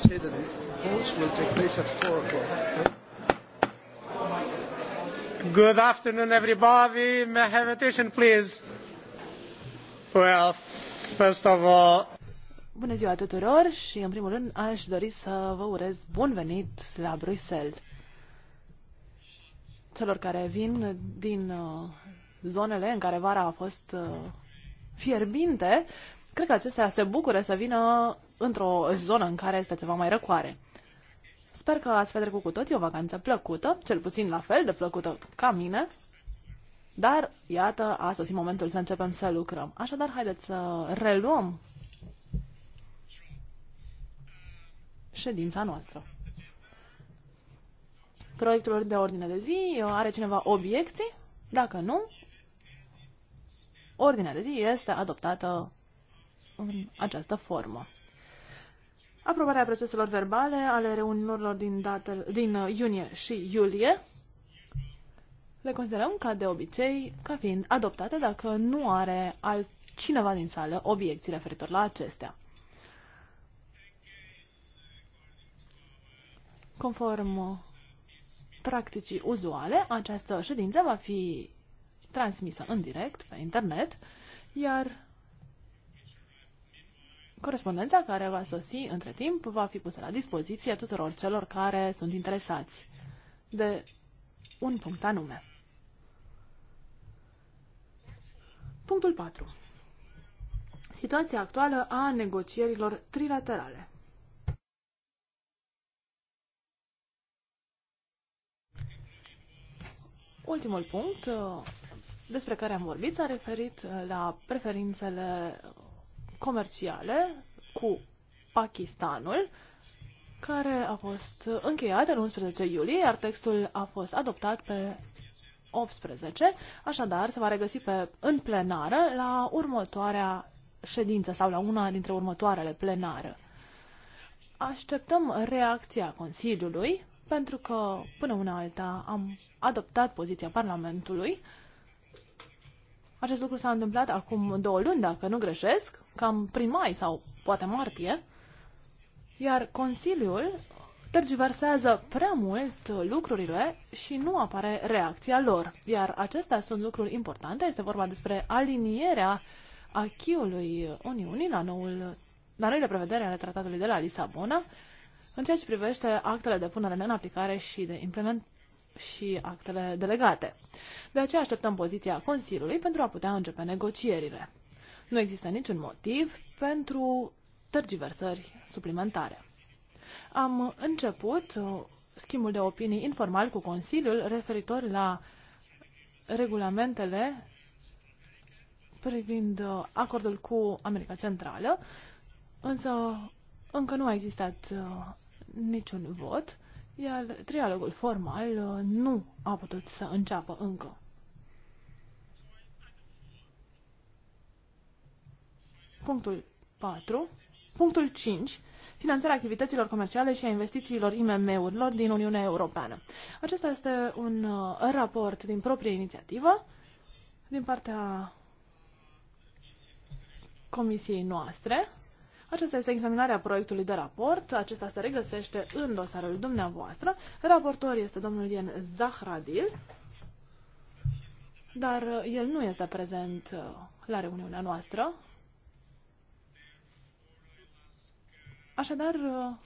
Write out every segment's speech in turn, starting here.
say that the votes will take place at 4 o'clock. Good afternoon, everybody. May I have attention, please? Well, first of all... Bună ziua tuturor și, în primul rând, aș dori să vă urez bun venit la Bruxelles. Celor care vin din uh, zonele în care vara a fost uh, fierbinte, Cred că acestea se bucură să vină într-o zonă în care este ceva mai răcoare. Sper că ați petrecut cu toții o vacanță plăcută, cel puțin la fel de plăcută ca mine, dar iată, astăzi e momentul să începem să lucrăm. Așadar, haideți să reluăm ședința noastră. Proiectul de ordine de zi, are cineva obiecții? Dacă nu, ordinea de zi este adoptată în această formă. Aprobarea proceselor verbale ale reuniunilor din, datele, din uh, iunie și iulie le considerăm ca de obicei ca fiind adoptate dacă nu are cineva din sală obiecții referitor la acestea. Conform uh, practicii uzuale, această ședință va fi transmisă în direct pe internet, iar Corespondența care va sosi între timp va fi pusă la dispoziție tuturor celor care sunt interesați de un punct anume. Punctul 4. Situația actuală a negocierilor trilaterale. Ultimul punct uh, despre care am vorbit s-a referit uh, la preferințele comerciale cu Pakistanul, care a fost încheiat în 11 iulie, iar textul a fost adoptat pe 18, așadar se va regăsi pe, în plenară la următoarea ședință sau la una dintre următoarele plenară. Așteptăm reacția Consiliului, pentru că până una alta am adoptat poziția Parlamentului. Acest lucru s-a întâmplat acum două luni, dacă nu greșesc, cam prin mai sau poate martie, iar Consiliul tergiversează prea mult lucrurile și nu apare reacția lor. Iar acestea sunt lucruri importante. Este vorba despre alinierea achiului Uniunii la, noul, la noile prevedere ale tratatului de la Lisabona în ceea ce privește actele de punere în aplicare și de implement și actele delegate. De aceea așteptăm poziția Consiliului pentru a putea începe negocierile. Nu există niciun motiv pentru tergiversări suplimentare. Am început schimbul de opinii informal cu Consiliul referitor la regulamentele privind acordul cu America Centrală, însă încă nu a existat uh, niciun vot, iar trialogul formal uh, nu a putut să înceapă încă. Punctul 4. Punctul 5. Finanțarea activităților comerciale și a investițiilor IMM-urilor din Uniunea Europeană. Acesta este un uh, raport din proprie inițiativă din partea comisiei noastre. Aceasta este examinarea proiectului de raport. Acesta se regăsește în dosarul dumneavoastră. Raportor este domnul Ian Zahradil, dar uh, el nu este prezent uh, la reuniunea noastră. Așadar, uh,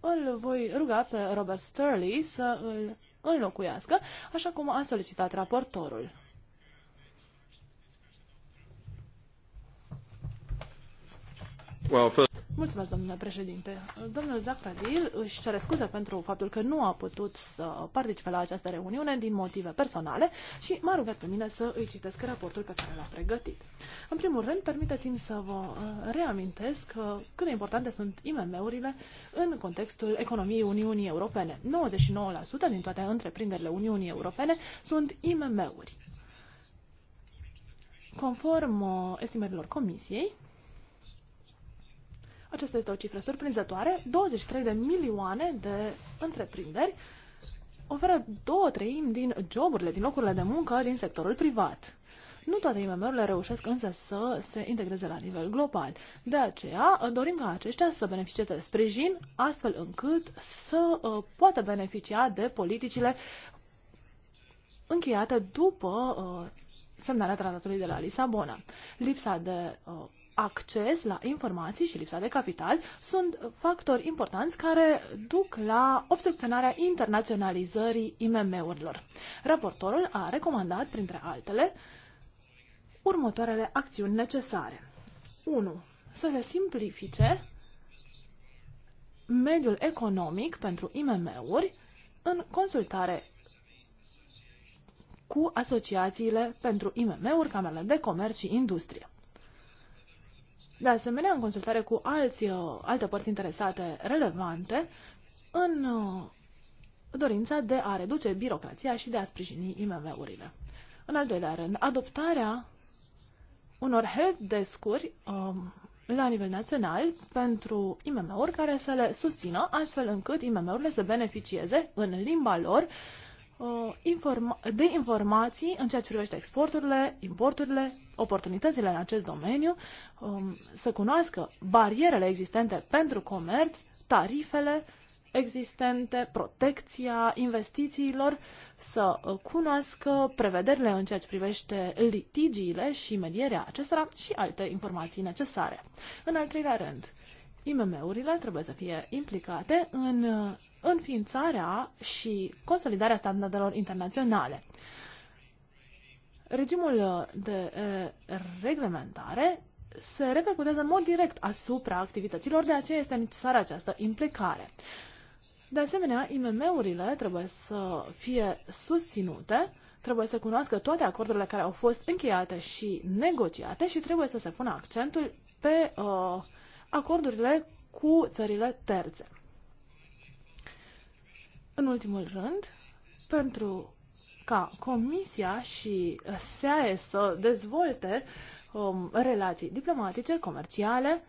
îl voi ruga pe Robert Sturley să îl înlocuiască, așa cum a solicitat raportorul. Well, Mulțumesc, domnule președinte. Domnul Zahradil își cere scuze pentru faptul că nu a putut să participe la această reuniune din motive personale și m-a rugat pe mine să îi citesc raportul pe care l-a pregătit. În primul rând, permiteți-mi să vă uh, reamintesc uh, cât de importante sunt IMM-urile în contextul economiei Uniunii Europene. 99% din toate întreprinderile Uniunii Europene sunt IMM-uri. Conform uh, estimărilor Comisiei, aceasta este o cifră surprinzătoare, 23 de milioane de întreprinderi oferă două treimi din joburile, din locurile de muncă din sectorul privat. Nu toate IMM-urile reușesc însă să se integreze la nivel global. De aceea dorim ca aceștia să beneficieze de sprijin, astfel încât să uh, poată beneficia de politicile încheiate după uh, semnarea tratatului de la Lisabona. Lipsa de uh, acces la informații și lipsa de capital sunt factori importanți care duc la obstrucționarea internaționalizării IMM-urilor. Raportorul a recomandat, printre altele, următoarele acțiuni necesare. 1. Să se simplifice mediul economic pentru IMM-uri în consultare cu asociațiile pentru IMM-uri, camerele de comerț și industrie. De asemenea, în consultare cu alți, uh, alte părți interesate relevante, în uh, dorința de a reduce birocrația și de a sprijini IMM-urile. În al doilea rând, adoptarea unor helpdesk-uri um, la nivel național pentru IMM-uri care să le susțină astfel încât IMM-urile să beneficieze în limba lor uh, Uh, de informații în ceea ce privește exporturile, importurile, oportunitățile în acest domeniu, um, să cunoască barierele existente pentru comerț, tarifele existente, protecția investițiilor, să uh, cunoască prevederile în ceea ce privește litigiile și medierea acestora și alte informații necesare. În al treilea rând, IMM-urile trebuie să fie implicate în uh, înființarea și consolidarea standardelor internaționale. Regimul uh, de uh, reglementare se repercutează în mod direct asupra activităților, de aceea este necesară această implicare. De asemenea, IMM-urile trebuie să fie susținute, trebuie să cunoască toate acordurile care au fost încheiate și negociate și trebuie să se pună accentul pe uh, acordurile cu țările terțe. În ultimul rând, pentru ca Comisia și SEAE să dezvolte um, relații diplomatice, comerciale,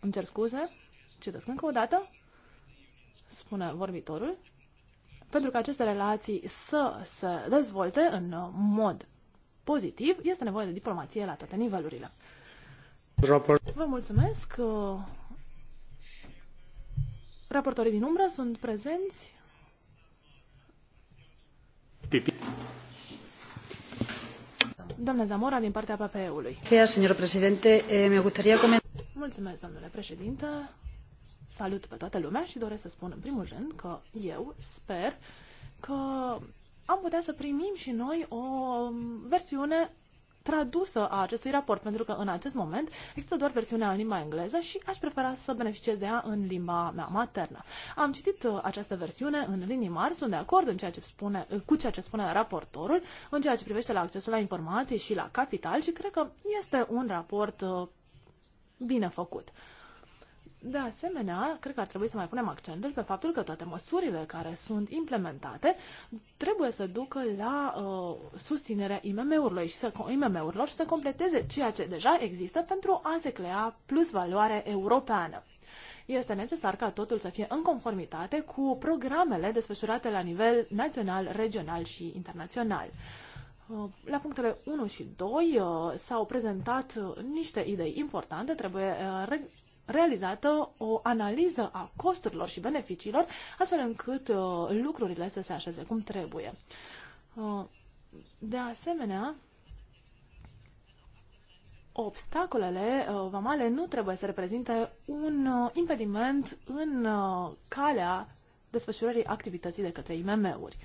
îmi cer scuze, citesc încă o dată, spune vorbitorul, pentru că aceste relații să se dezvolte în mod pozitiv, este nevoie de diplomație la toate nivelurile mulțumesc. Raportorii din umbră sunt prezenți. Pipi. Doamna Zamora, din partea PPE-ului. Eh, mulțumesc, domnule președinte. Salut pe toată lumea și doresc să spun în primul rând că eu sper că am putea să primim și noi o um, versiune tradusă a acestui raport, pentru că în acest moment există doar versiunea în limba engleză și aș prefera să beneficiez de ea în limba mea maternă. Am citit uh, această versiune în linii mari, sunt de acord în ceea ce spune, uh, cu ceea ce spune raportorul, în ceea ce privește la accesul la informații și la capital și cred că este un raport uh, bine făcut. De asemenea, cred că ar trebui să mai punem accentul pe faptul că toate măsurile care sunt implementate trebuie să ducă la uh, susținerea IMM-urilor și să, imm și să completeze ceea ce deja există pentru a se crea plus valoare europeană. Este necesar ca totul să fie în conformitate cu programele desfășurate la nivel național, regional și internațional. Uh, la punctele 1 și 2 uh, s-au prezentat uh, niște idei importante, trebuie realizată o analiză a costurilor și beneficiilor, astfel încât uh, lucrurile să se așeze cum trebuie. Uh, de asemenea, obstacolele uh, vamale nu trebuie să reprezinte un impediment în calea desfășurării activității de către IMM-uri.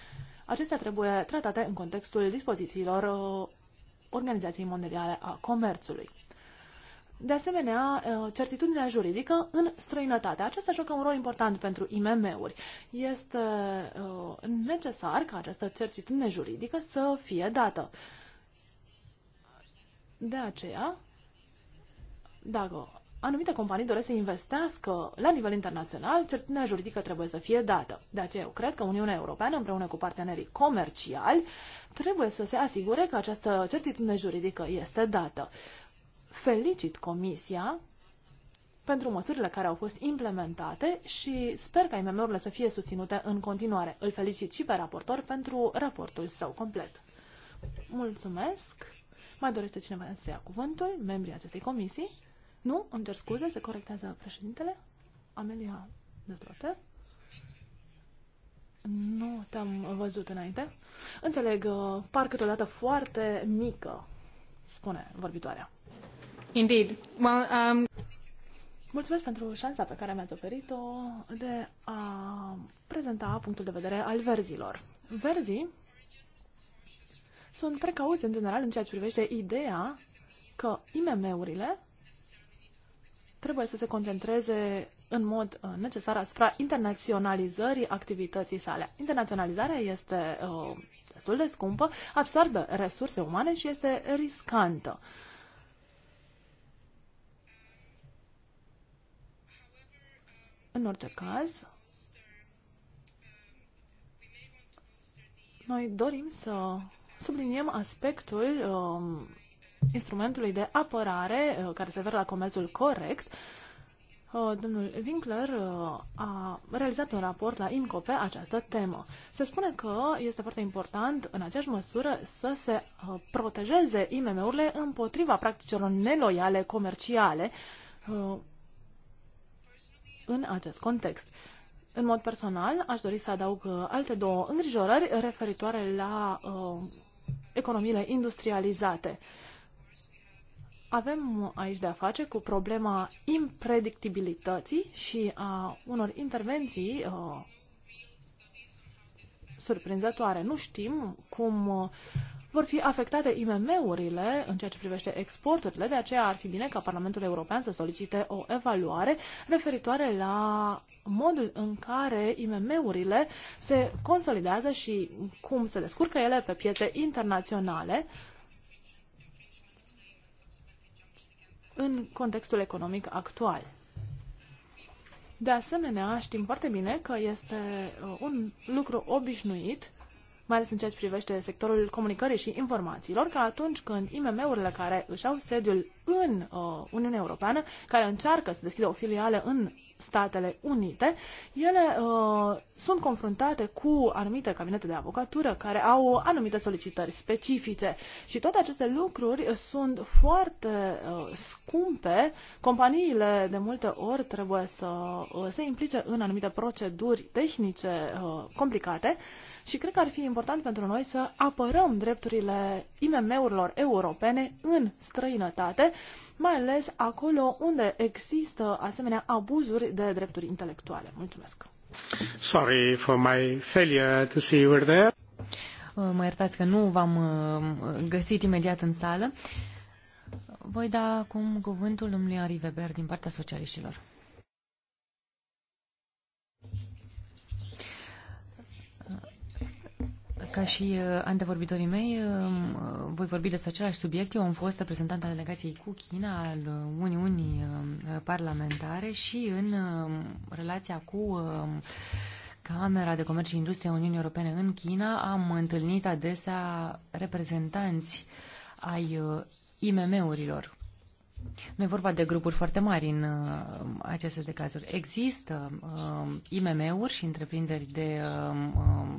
Acestea trebuie tratate în contextul dispozițiilor Organizației Mondiale a Comerțului. De asemenea, uh, certitudinea juridică în străinătate. Acesta joacă un rol important pentru IMM-uri. Este uh, necesar ca această certitudine juridică să fie dată. De aceea, dacă anumite companii doresc să investească la nivel internațional, certitudinea juridică trebuie să fie dată. De aceea eu cred că Uniunea Europeană, împreună cu partenerii comerciali, trebuie să se asigure că această certitudine juridică este dată felicit Comisia pentru măsurile care au fost implementate și sper ca IMM-urile să fie susținute în continuare. Îl felicit și pe raportor pentru raportul său complet. Mulțumesc! Mai dorește cineva să ia cuvântul? Membrii acestei comisii? Nu? Îmi cer scuze, se corectează președintele? Amelia Dezbrote? Nu te-am văzut înainte. Înțeleg, uh, parcă totodată foarte mică, spune vorbitoarea. Indeed. Well, um... Mulțumesc pentru șansa pe care mi-ați oferit-o de a prezenta punctul de vedere al verzilor. Verzii sunt precauți în general în ceea ce privește ideea că IMM-urile trebuie să se concentreze în mod uh, necesar asupra internaționalizării activității sale. Internaționalizarea este uh, destul de scumpă, absorbe resurse umane și este riscantă. Uh, În orice caz, noi dorim să subliniem aspectul um, instrumentului de apărare uh, care se referă la comerțul corect. Uh, domnul Winkler uh, a realizat un raport la IMCO pe această temă. Se spune că este foarte important în aceeași măsură să se uh, protejeze IMM-urile împotriva practicilor neloiale comerciale uh, în acest context. În mod personal, aș dori să adaug uh, alte două îngrijorări referitoare la uh, economiile industrializate. Avem aici de a face cu problema impredictibilității și a unor intervenții uh, surprinzătoare. Nu știm cum uh, vor fi afectate IMM-urile în ceea ce privește exporturile, de aceea ar fi bine ca Parlamentul European să solicite o evaluare referitoare la modul în care IMM-urile se consolidează și cum se descurcă ele pe piețe internaționale în contextul economic actual. De asemenea, știm foarte bine că este uh, un lucru obișnuit mai ales în ceea ce privește sectorul comunicării și informațiilor, că atunci când IMM-urile care își au sediul în uh, Uniunea Europeană, care încearcă să deschidă o filială în Statele Unite, ele uh, sunt confruntate cu anumite cabinete de avocatură care au anumite solicitări specifice și toate aceste lucruri sunt foarte uh, scumpe. Companiile de multe ori trebuie să uh, se implice în anumite proceduri tehnice uh, complicate și cred că ar fi important pentru noi să apărăm drepturile IMM-urilor europene în străinătate, mai ales acolo unde există asemenea abuzuri de drepturi intelectuale. Mulțumesc! Sorry for my failure to see you were there. Mă iertați că nu v-am uh, găsit imediat în sală. Voi da acum cuvântul lui Ari Weber din partea socialiștilor. Ca și uh, antevorbitorii mei, um, uh, voi vorbi despre același subiect. Eu am fost reprezentant al delegației cu China, al uh, Uniunii um, Parlamentare și în um, relația cu Camera de Comerț și Industrie a Uniunii Europene în China am întâlnit adesea reprezentanți ai IMM-urilor. Nu e vorba de grupuri foarte mari în uh, aceste de cazuri. Există uh, IMM-uri și întreprinderi de uh,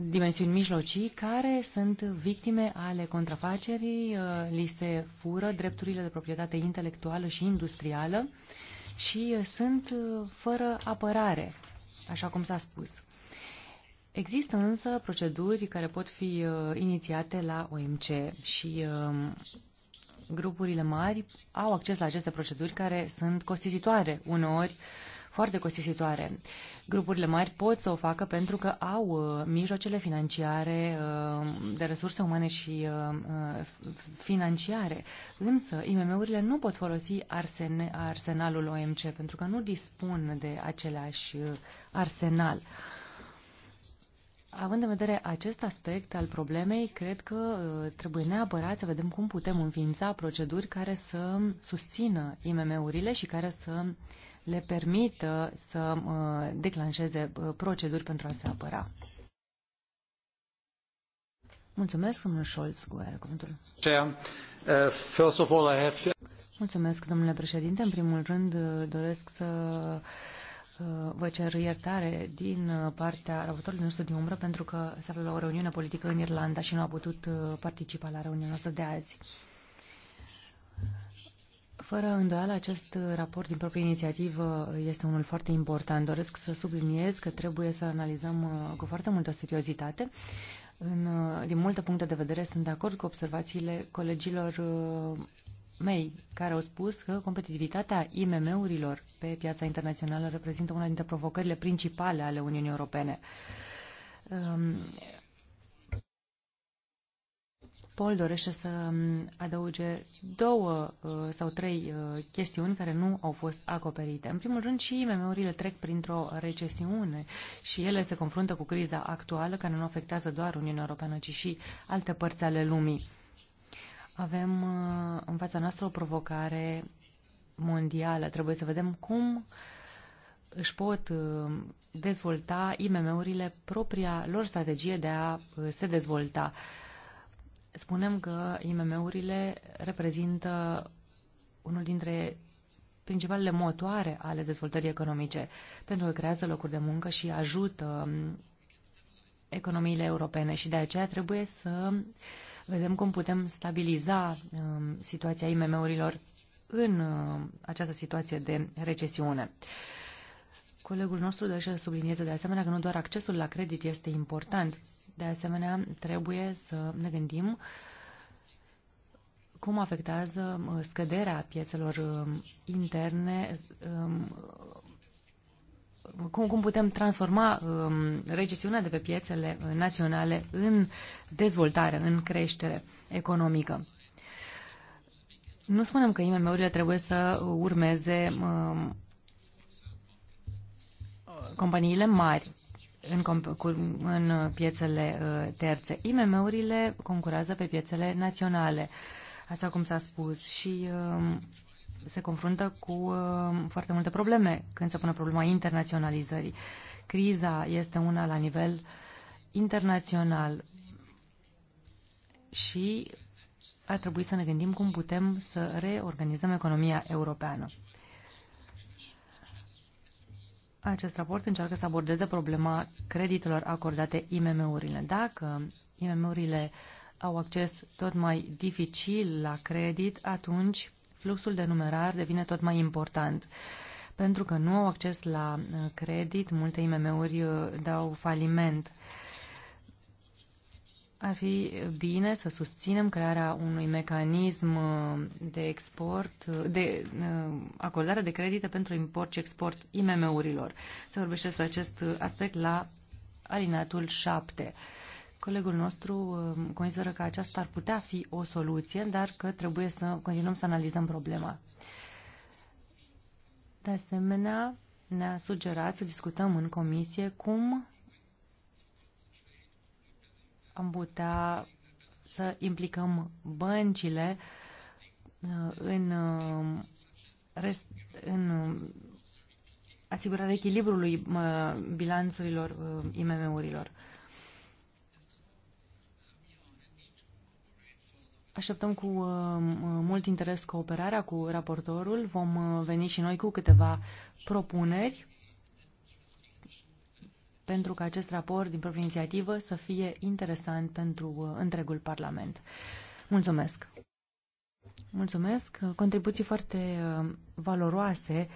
dimensiuni mijlocii care sunt victime ale contrafacerii, uh, li se fură drepturile de proprietate intelectuală și industrială și uh, sunt uh, fără apărare, așa cum s-a spus. Există însă proceduri care pot fi inițiate la OMC și um, grupurile mari au acces la aceste proceduri care sunt costisitoare uneori foarte costisitoare. Grupurile mari pot să o facă pentru că au uh, mijloacele financiare, uh, de resurse umane și uh, financiare. Însă, IMM-urile nu pot folosi arsen- arsenalul OMC pentru că nu dispun de același arsenal. Având în vedere acest aspect al problemei, cred că trebuie neapărat să vedem cum putem înființa proceduri care să susțină IMM-urile și care să le permită să uh, declanșeze uh, proceduri pentru a se apăra. Mulțumesc, domnul Scholz, cu aer cuvântul. Uh, Mulțumesc, domnule președinte. În primul rând, doresc să vă cer iertare din partea raportorului nostru din umbră pentru că se află la o reuniune politică în Irlanda și nu a putut participa la reuniunea noastră de azi. Fără îndoială, acest raport din proprie inițiativă este unul foarte important. Doresc să subliniez că trebuie să analizăm uh, cu foarte multă seriozitate. În, uh, din multe puncte de vedere sunt de acord cu observațiile colegilor uh, mei, care au spus că competitivitatea IMM-urilor pe piața internațională reprezintă una dintre provocările principale ale Uniunii Europene. Um, Paul dorește să mm, adauge două uh, sau trei uh, chestiuni care nu au fost acoperite. În primul rând și memoriile trec printr-o recesiune și ele se confruntă cu criza actuală care nu afectează doar Uniunea Europeană, ci și alte părți ale lumii. Avem uh, în fața noastră o provocare mondială. Trebuie să vedem cum își pot dezvolta IMM-urile propria lor strategie de a se dezvolta spunem că IMM-urile reprezintă unul dintre principalele motoare ale dezvoltării economice, pentru că creează locuri de muncă și ajută um, economiile europene și de aceea trebuie să vedem cum putem stabiliza um, situația IMM-urilor în uh, această situație de recesiune. Colegul nostru deja sublinieze de asemenea că nu doar accesul la credit este important, de asemenea, trebuie să ne gândim cum afectează uh, scăderea piețelor uh, interne, um, uh, cum, cum putem transforma um, recesiunea de pe piețele naționale în dezvoltare, în creștere economică. Nu spunem că IMM-urile trebuie să urmeze um, companiile mari, în, în uh, piețele uh, terțe. IMM-urile concurează pe piețele naționale, așa cum s-a spus, și um, se confruntă cu um, foarte multe probleme când se pune problema internaționalizării. Criza este una la nivel internațional și ar trebui să ne gândim cum putem să reorganizăm economia europeană. Acest raport încearcă să abordeze problema creditelor acordate IMM-urile. Dacă IMM-urile au acces tot mai dificil la credit, atunci fluxul de numerar devine tot mai important. Pentru că nu au acces la uh, credit, multe IMM-uri uh, dau faliment ar fi bine să susținem crearea unui mecanism uh, de export, uh, de uh, acordare de credite pentru import și export IMM-urilor. Se vorbește despre acest aspect la alinatul 7. Colegul nostru consideră că aceasta ar putea fi o soluție, dar că trebuie să continuăm să analizăm problema. De asemenea, ne-a sugerat să discutăm în comisie cum am putea să implicăm băncile uh, în, uh, rest, în asigurarea echilibrului uh, bilanțurilor IMM-urilor. Așteptăm cu mult interes cooperarea cu raportorul. Vom veni și noi cu câteva propuneri pentru ca acest raport din proprie inițiativă să fie interesant pentru uh, întregul Parlament. Mulțumesc! Mulțumesc! Contribuții foarte uh, valoroase.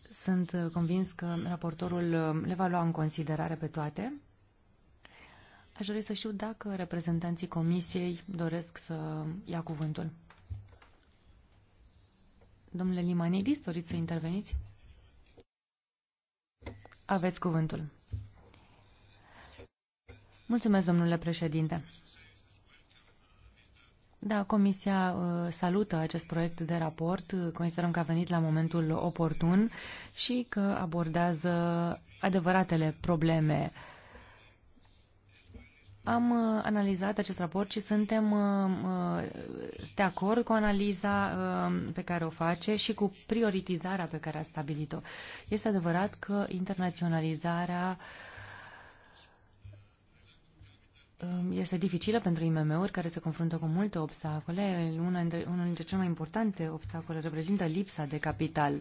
Sunt uh, convins că raportorul le va lua în considerare pe toate. Aș dori să știu dacă reprezentanții Comisiei doresc să ia cuvântul. Domnule Limanidis, doriți să interveniți? Aveți cuvântul. Mulțumesc, domnule președinte. Da, Comisia uh, salută acest proiect de raport. Considerăm că a venit la momentul oportun și că abordează adevăratele probleme uh, am uh, analizat acest raport și suntem uh, uh, de acord cu analiza pe care o face și cu prioritizarea pe care a stabilit-o. Este adevărat că internaționalizarea um, este dificilă pentru IMM-uri care se confruntă cu multe obstacole. Una dintre, unul dintre cele mai importante obstacole reprezintă lipsa de capital. Uh,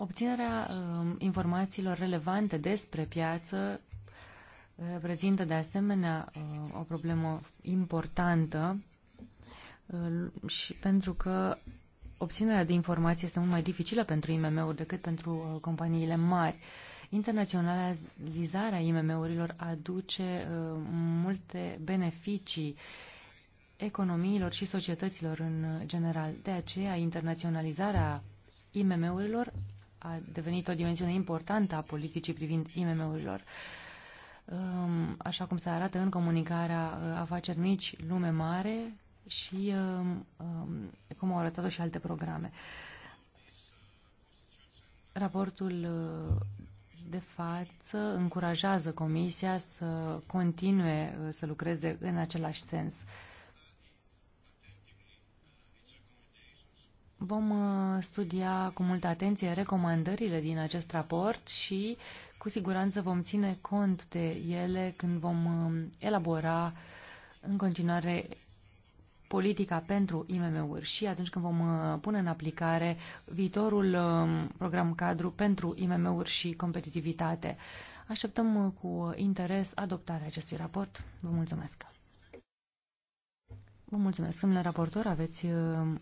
Obținerea um, informațiilor relevante despre piață uh, reprezintă de asemenea uh, o problemă importantă uh, și pentru că obținerea de informații este mult mai dificilă pentru IMM-uri decât pentru companiile mari. Internaționalizarea IMM-urilor aduce multe beneficii economiilor și societăților în general. De aceea, internaționalizarea IMM-urilor a devenit o dimensiune importantă a politicii privind IMM-urilor. Um, așa cum se arată în comunicarea uh, Afaceri mici, lume mare și um, um, cum au arătat-o și alte programe. Raportul uh, de față încurajează Comisia să continue uh, să lucreze în același sens Vom uh, studia cu multă atenție recomandările din acest raport și cu siguranță vom ține cont de ele când vom um, elabora în continuare politica pentru IMM-uri și atunci când vom uh, pune în aplicare viitorul um, program cadru pentru IMM-uri și competitivitate. Așteptăm uh, cu interes adoptarea acestui raport. Vă mulțumesc! Vă mulțumesc, domnule raportor. Aveți uh,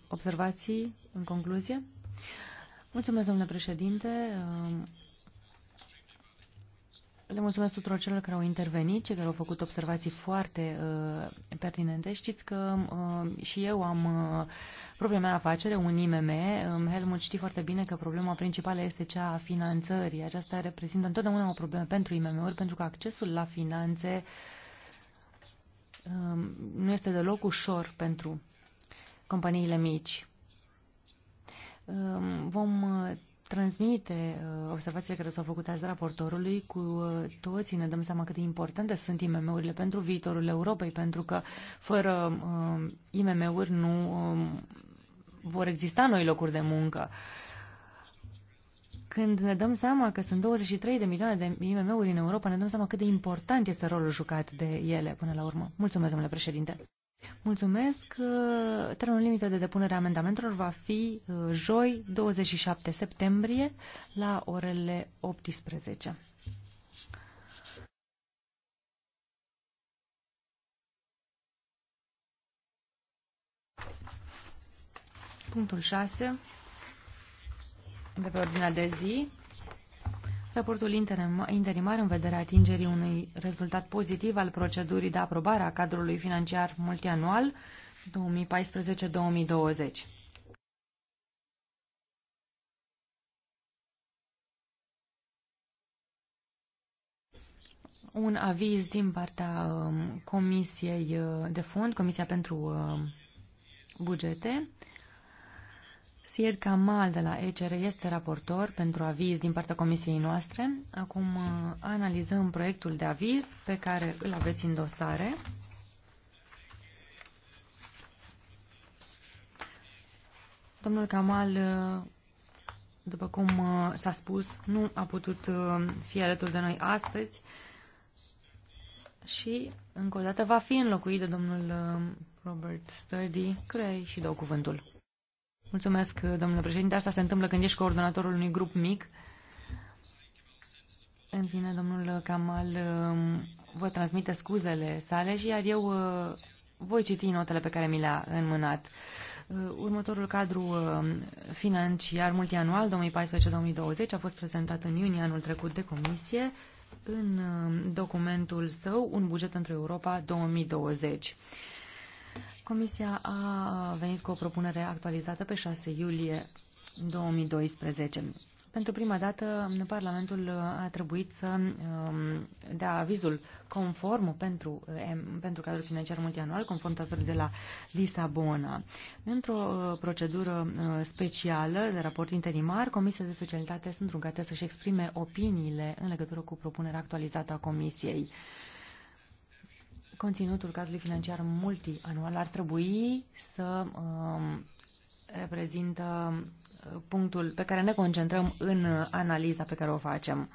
observații în concluzie? Mulțumesc, domnule președinte. Uh, le mulțumesc tuturor celor care au intervenit, cei care au făcut observații foarte uh, pertinente. Știți că uh, și eu am uh, propria mea afacere, un IMM. Um, Helmut știi foarte bine că problema principală este cea a finanțării. Aceasta reprezintă întotdeauna o problemă pentru IMM-uri, pentru că accesul la finanțe uh, Um, nu este deloc ușor pentru companiile mici. Um, vom uh, transmite uh, observațiile care s-au făcut azi raportorului cu uh, toții. Ne dăm seama cât de importante sunt IMM-urile pentru viitorul Europei, pentru că fără um, IMM-uri nu vor exista noi locuri de muncă. Când ne dăm seama că sunt 23 de milioane de IMM-uri în Europa, ne dăm seama cât de important este rolul jucat de ele până la urmă. Mulțumesc, domnule președinte. Mulțumesc. Termenul limită de depunere a amendamentelor va fi uh, joi 27 septembrie la orele 18. Punctul 6 de pe ordinea de zi. Raportul interimar în vederea atingerii unui rezultat pozitiv al procedurii de aprobare a cadrului financiar multianual 2014-2020. Un aviz din partea um, Comisiei uh, de Fond, Comisia pentru uh, Bugete, Sir Kamal de la ECR este raportor pentru aviz din partea comisiei noastre. Acum uh, analizăm proiectul de aviz pe care îl aveți în dosare. Domnul Kamal, uh, după cum uh, s-a spus, nu a putut fi alături de noi astăzi și încă o dată va fi înlocuit de domnul Robert Sturdy, care și dau cuvântul. Mulțumesc, domnule președinte. Asta se întâmplă când ești coordonatorul unui grup mic. În fine, domnul Kamal um, vă transmite scuzele sale și iar eu uh, voi citi notele pe care mi le-a înmânat. Uh, următorul cadru uh, financiar multianual 2014-2020 a fost prezentat în iunie anul trecut de comisie în documentul său Un buget pentru Europa 2020. Comisia a venit cu o propunere actualizată pe 6 iulie 2012. Pentru prima dată, Parlamentul a trebuit să um, dea avizul conform pentru, um, pentru cadrul financiar multianual, conform de la Lisabona. Într-o uh, procedură uh, specială de raport interimar, comisia de Specialitate sunt rugate să-și exprime opiniile în legătură cu propunerea actualizată a Comisiei conținutul cadrului financiar multianual ar trebui să um, reprezintă uh, punctul pe care ne concentrăm în analiza pe care o facem.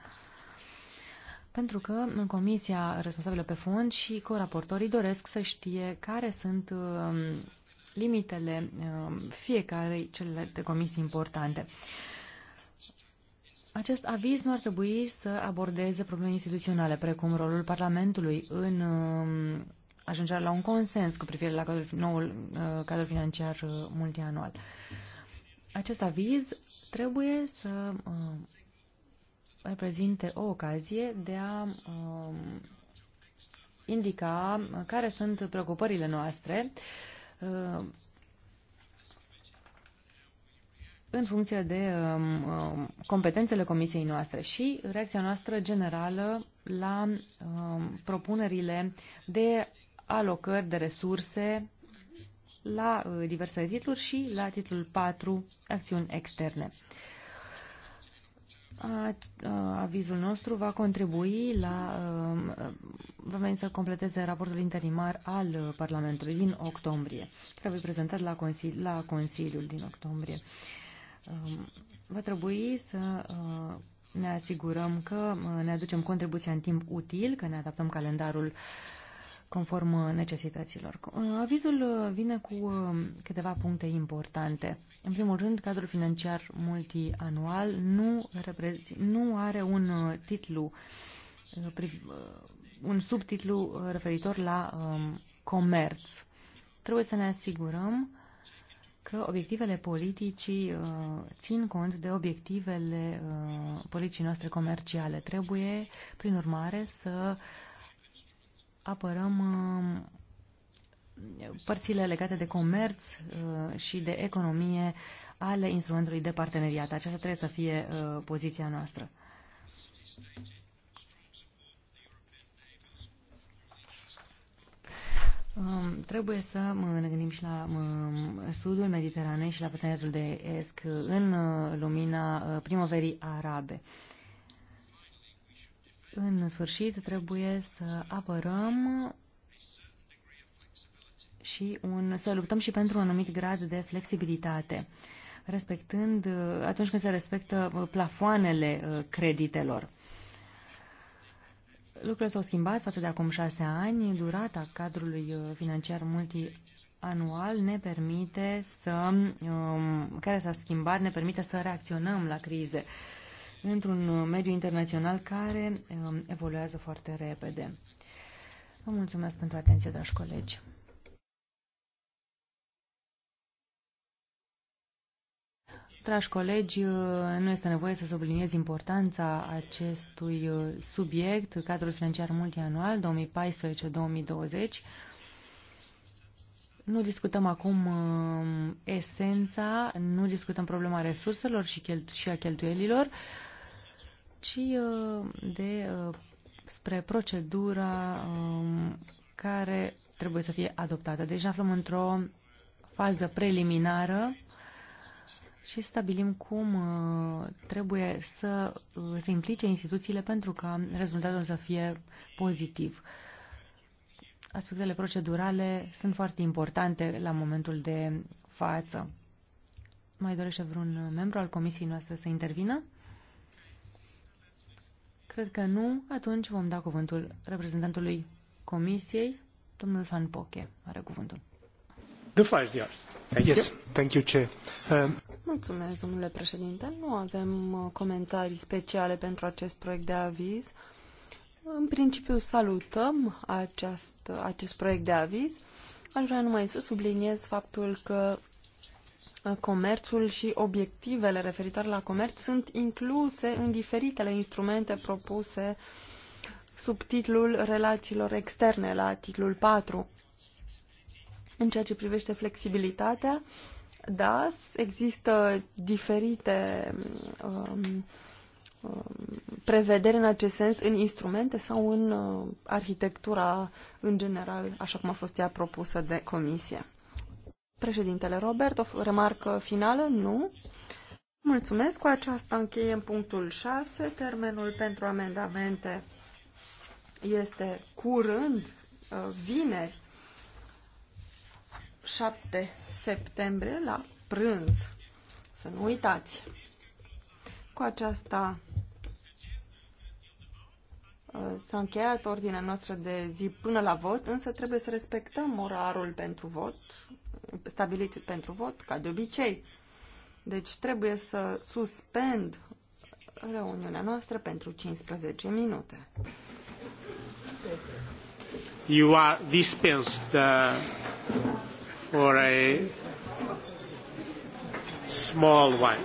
Pentru că în comisia responsabilă pe fond și coraportorii doresc să știe care sunt um, limitele um, fiecarei celelalte comisii importante. Uh, acest aviz nu ar trebui să abordeze probleme instituționale, precum rolul Parlamentului în um, ajungerea la un consens cu privire la cadrul, noul uh, cadru financiar uh, multianual. Acest aviz trebuie să um, reprezinte o ocazie de a um, indica care sunt preocupările noastre uh, în funcție de um, um, competențele comisiei noastre și reacția noastră generală la um, propunerile de alocări de resurse la uh, diverse titluri și la titlul 4, acțiuni externe. A, a, avizul nostru va contribui la. A, um, va veni să completeze raportul interimar al uh, Parlamentului din octombrie, care va fi prezentat la, consili, la Consiliul din octombrie. Um, va trebui să uh, ne asigurăm că uh, ne aducem contribuția în timp util, că ne adaptăm calendarul conform uh, necesităților. Avizul vine cu câteva puncte importante. În primul rând, cadrul financiar multianual nu, nu are un titlu, un subtitlu referitor la um, comerț. Trebuie să ne asigurăm că obiectivele politicii uh, țin cont de obiectivele uh, politicii noastre comerciale. Trebuie, prin urmare, să apărăm uh, părțile legate de comerț și de economie ale instrumentului de parteneriat. Aceasta trebuie să fie poziția noastră. Um, trebuie să mă, ne gândim și la um, sudul Mediteranei și la parteneriatul de esc uh, în uh, lumina uh, primăverii arabe. În sfârșit, trebuie să apărăm și un, să luptăm și pentru un anumit grad de flexibilitate, respectând, uh, atunci când se respectă uh, plafoanele creditelor. Lucrurile s-au schimbat față de acum șase ani. Durata cadrului uh, financiar multianual ne permite să, um, care s-a schimbat, ne permite să reacționăm la crize într-un uh, mediu internațional care um, evoluează foarte repede. Vă mulțumesc pentru atenție, dragi colegi. Dragi colegi, nu este nevoie să subliniez importanța acestui uh, subiect, cadrul financiar multianual 2014-2020. Nu discutăm acum uh, esența, nu discutăm problema resurselor și, cheltu- și a cheltuielilor, ci uh, de spre procedura um, care trebuie să fie adoptată. Deci ne aflăm într-o fază preliminară și stabilim cum uh, trebuie să uh, se implice instituțiile pentru ca rezultatul să fie pozitiv. Aspectele procedurale sunt foarte importante la momentul de față. Mai dorește vreun membru al comisiei noastre să intervină? Cred că nu. Atunci vom da cuvântul reprezentantului comisiei, domnul Van Poche. Are cuvântul. The floor is yours. Thank yes, you. thank you, Chair. Um, Mulțumesc, domnule președinte. Nu avem uh, comentarii speciale pentru acest proiect de aviz. În principiu salutăm acest, uh, acest proiect de aviz. Aș vrea numai să subliniez faptul că uh, comerțul și obiectivele referitoare la comerț sunt incluse în diferitele instrumente propuse sub titlul relațiilor externe la titlul 4. În ceea ce privește flexibilitatea, da, există diferite um, um, prevederi în acest sens în instrumente sau în uh, arhitectura în general, așa cum a fost ea propusă de comisie. Președintele Robert, o remarcă finală? Nu. Mulțumesc. Cu aceasta încheiem punctul 6. Termenul pentru amendamente este curând, uh, vineri, 7 septembrie la prânz. Să nu uitați. Cu aceasta uh, s-a încheiat ordinea noastră de zi până la vot, însă trebuie să respectăm orarul pentru vot, stabilit pentru vot, ca de obicei. Deci trebuie să suspend reuniunea noastră pentru 15 minute. You are dispensed. Uh for a small one.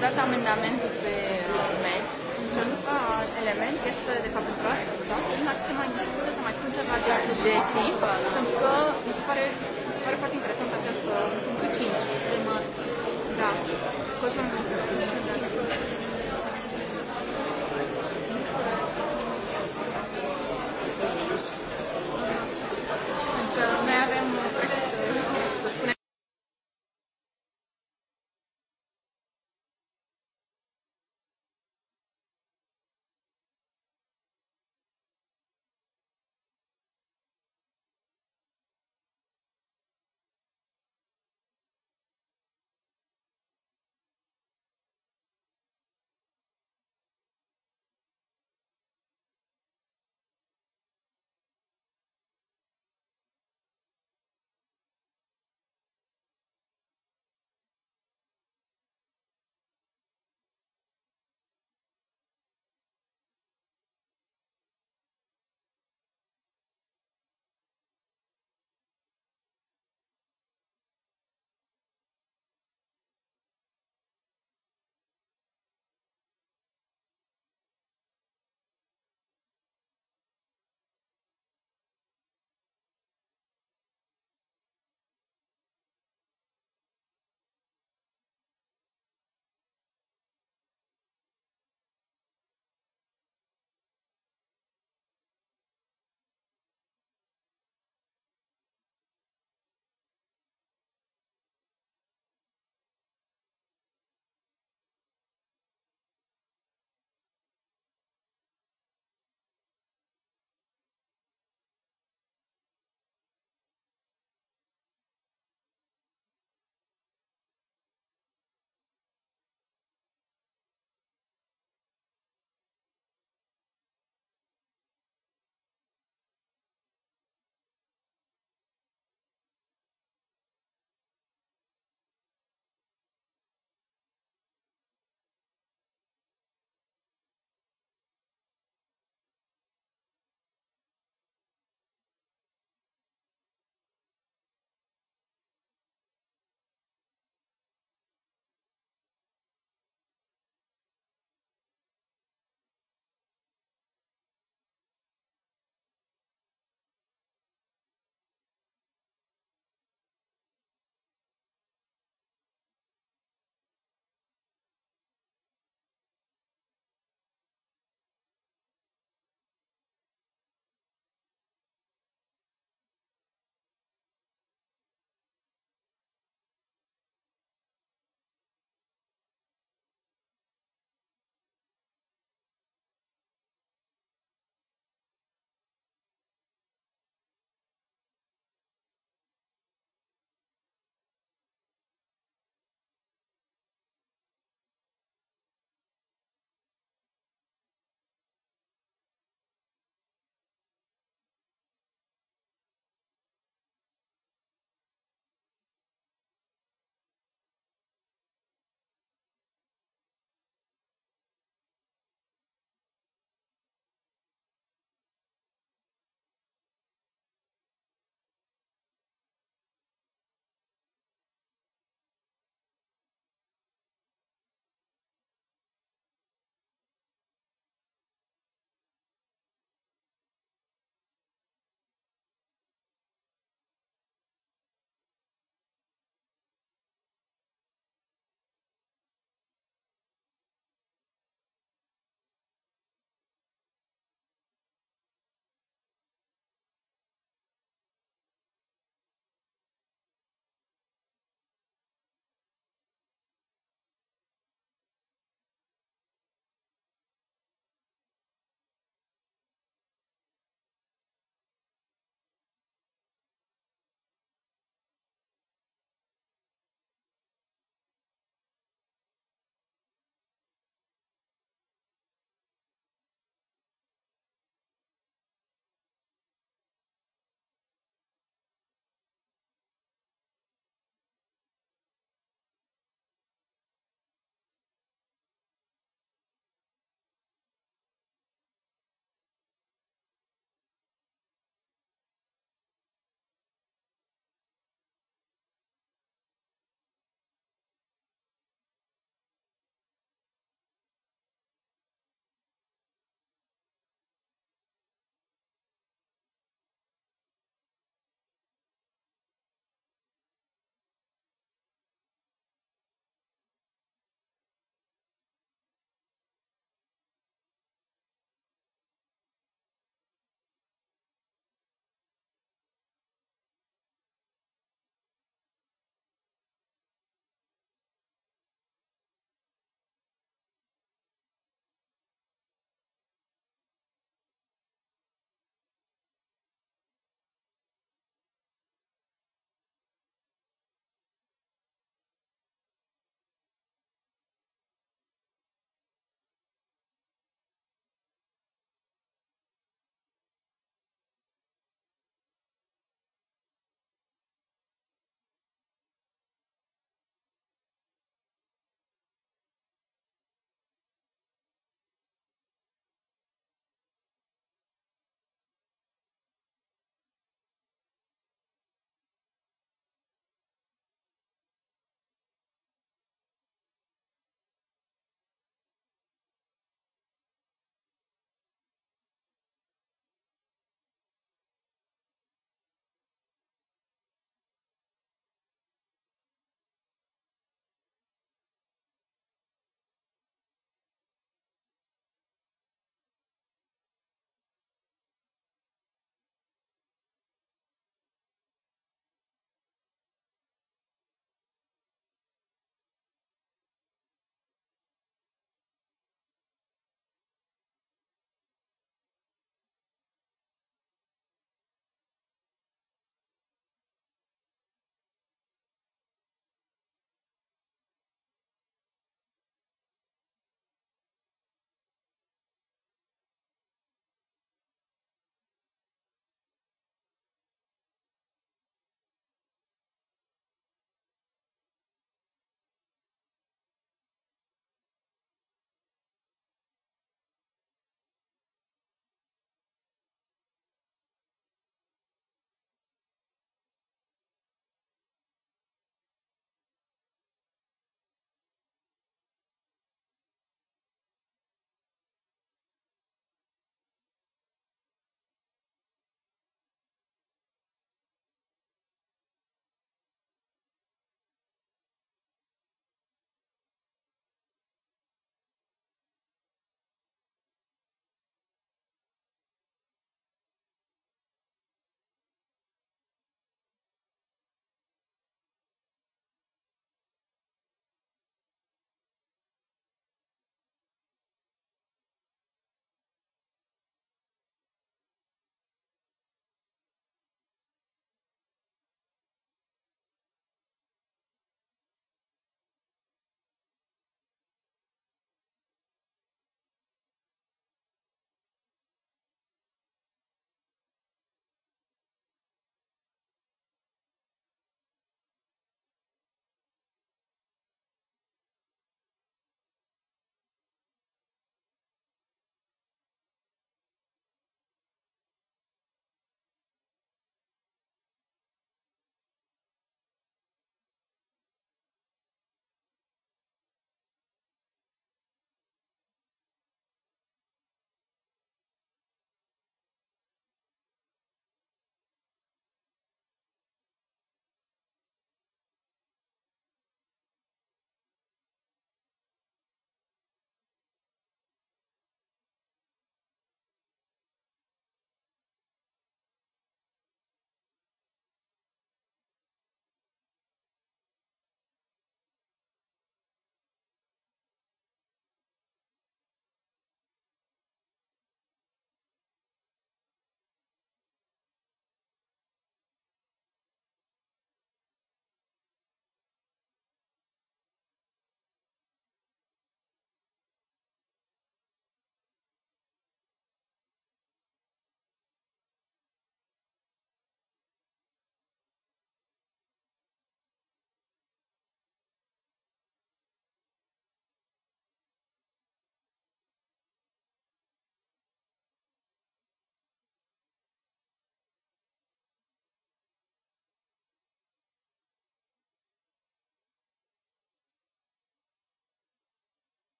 au dat amendamentul pe uh, mail, pentru că element este, de fapt, într-adevăr pentru asta, dacă se mai discută, să mai spun ceva de sugestii, pentru că mi se pare, mi se pare foarte interesant acest punctul 5. Uh, da. Cosmul, sunt sigur.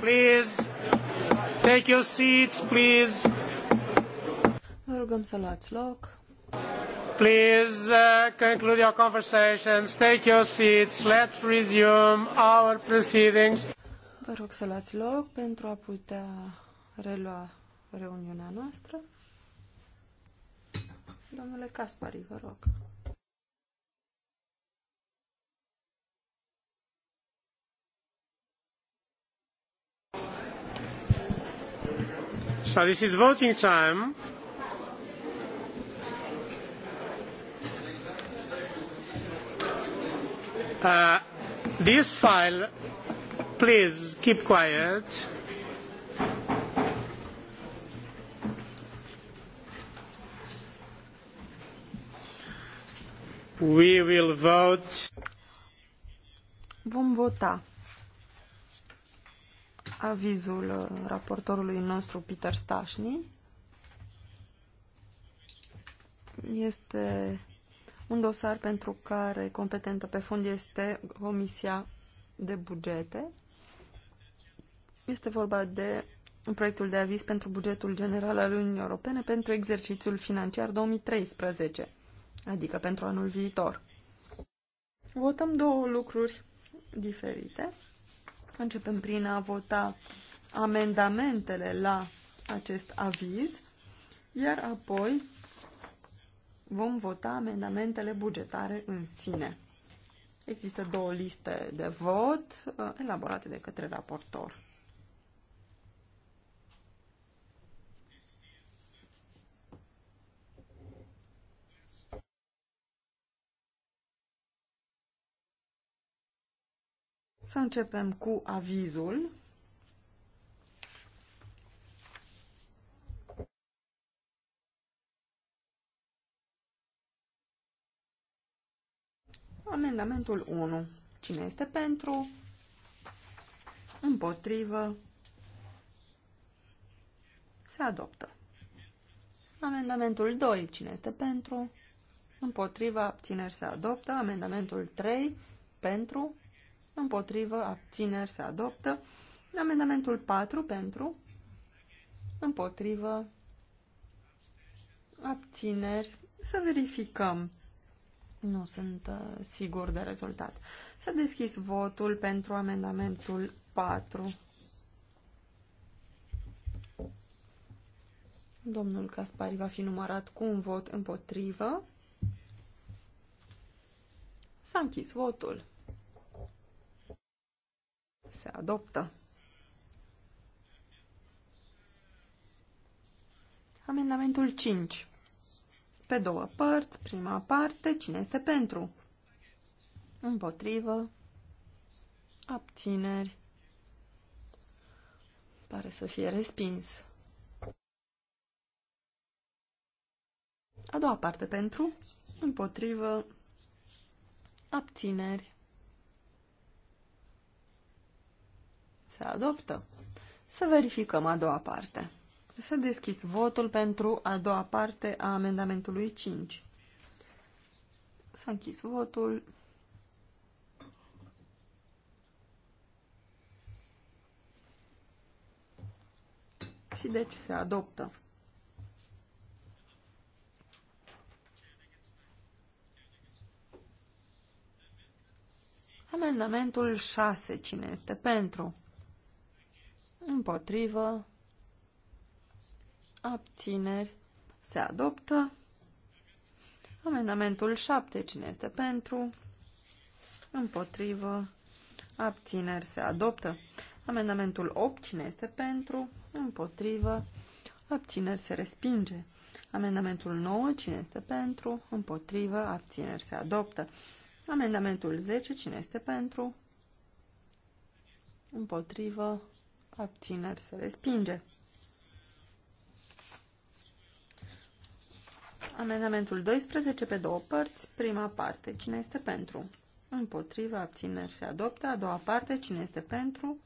please. Take your seats, please. Vă rugăm să luați loc. Please uh, conclude your conversations, take your seats, let's resume our proceedings. Vă rog să luați loc pentru a putea relua reuniunea noastră. Domnule Caspari, vă rog. So this is voting time. Uh, this file, please keep quiet. We will vote. Vom vota avizul uh, raportorului nostru, Peter Stașni. Este un dosar pentru care competentă pe fond este Comisia de Bugete. Este vorba de proiectul de aviz pentru bugetul general al Uniunii Europene pentru exercițiul financiar 2013, adică pentru anul viitor. Votăm două lucruri diferite. Începem prin a vota amendamentele la acest aviz, iar apoi vom vota amendamentele bugetare în sine. Există două liste de vot uh, elaborate de către raportor. Să începem cu avizul. Amendamentul 1. Cine este pentru? Împotrivă? Se adoptă. Amendamentul 2. Cine este pentru? Împotriva abțineri se adoptă. Amendamentul 3. Pentru? împotrivă, abțineri se adoptă. Amendamentul 4 pentru, împotrivă, abțineri. Să verificăm. Nu sunt uh, sigur de rezultat. S-a deschis votul pentru amendamentul 4. Domnul Caspari va fi numărat cu un vot împotrivă. S-a închis votul. Se adoptă. Amendamentul 5. Pe două părți, prima parte, cine este pentru? Împotrivă. Abțineri. Pare să fie respins. A doua parte pentru, împotrivă, abțineri. Se adoptă. Să verificăm a doua parte. Să deschis votul pentru a doua parte a amendamentului 5. S-a închis votul. Și deci se adoptă. Amendamentul 6. Cine este pentru? împotrivă, abțineri, se adoptă. Amendamentul 7, cine este pentru, împotrivă, abțineri, se adoptă. Amendamentul 8, cine este pentru, împotrivă, abțineri, se respinge. Amendamentul 9, cine este pentru, împotrivă, abțineri, se adoptă. Amendamentul 10, cine este pentru, împotrivă, abțineri se respinge. Amendamentul 12 pe două părți, prima parte, cine este pentru? Împotriva abțineri se adoptă, a doua parte, cine este pentru?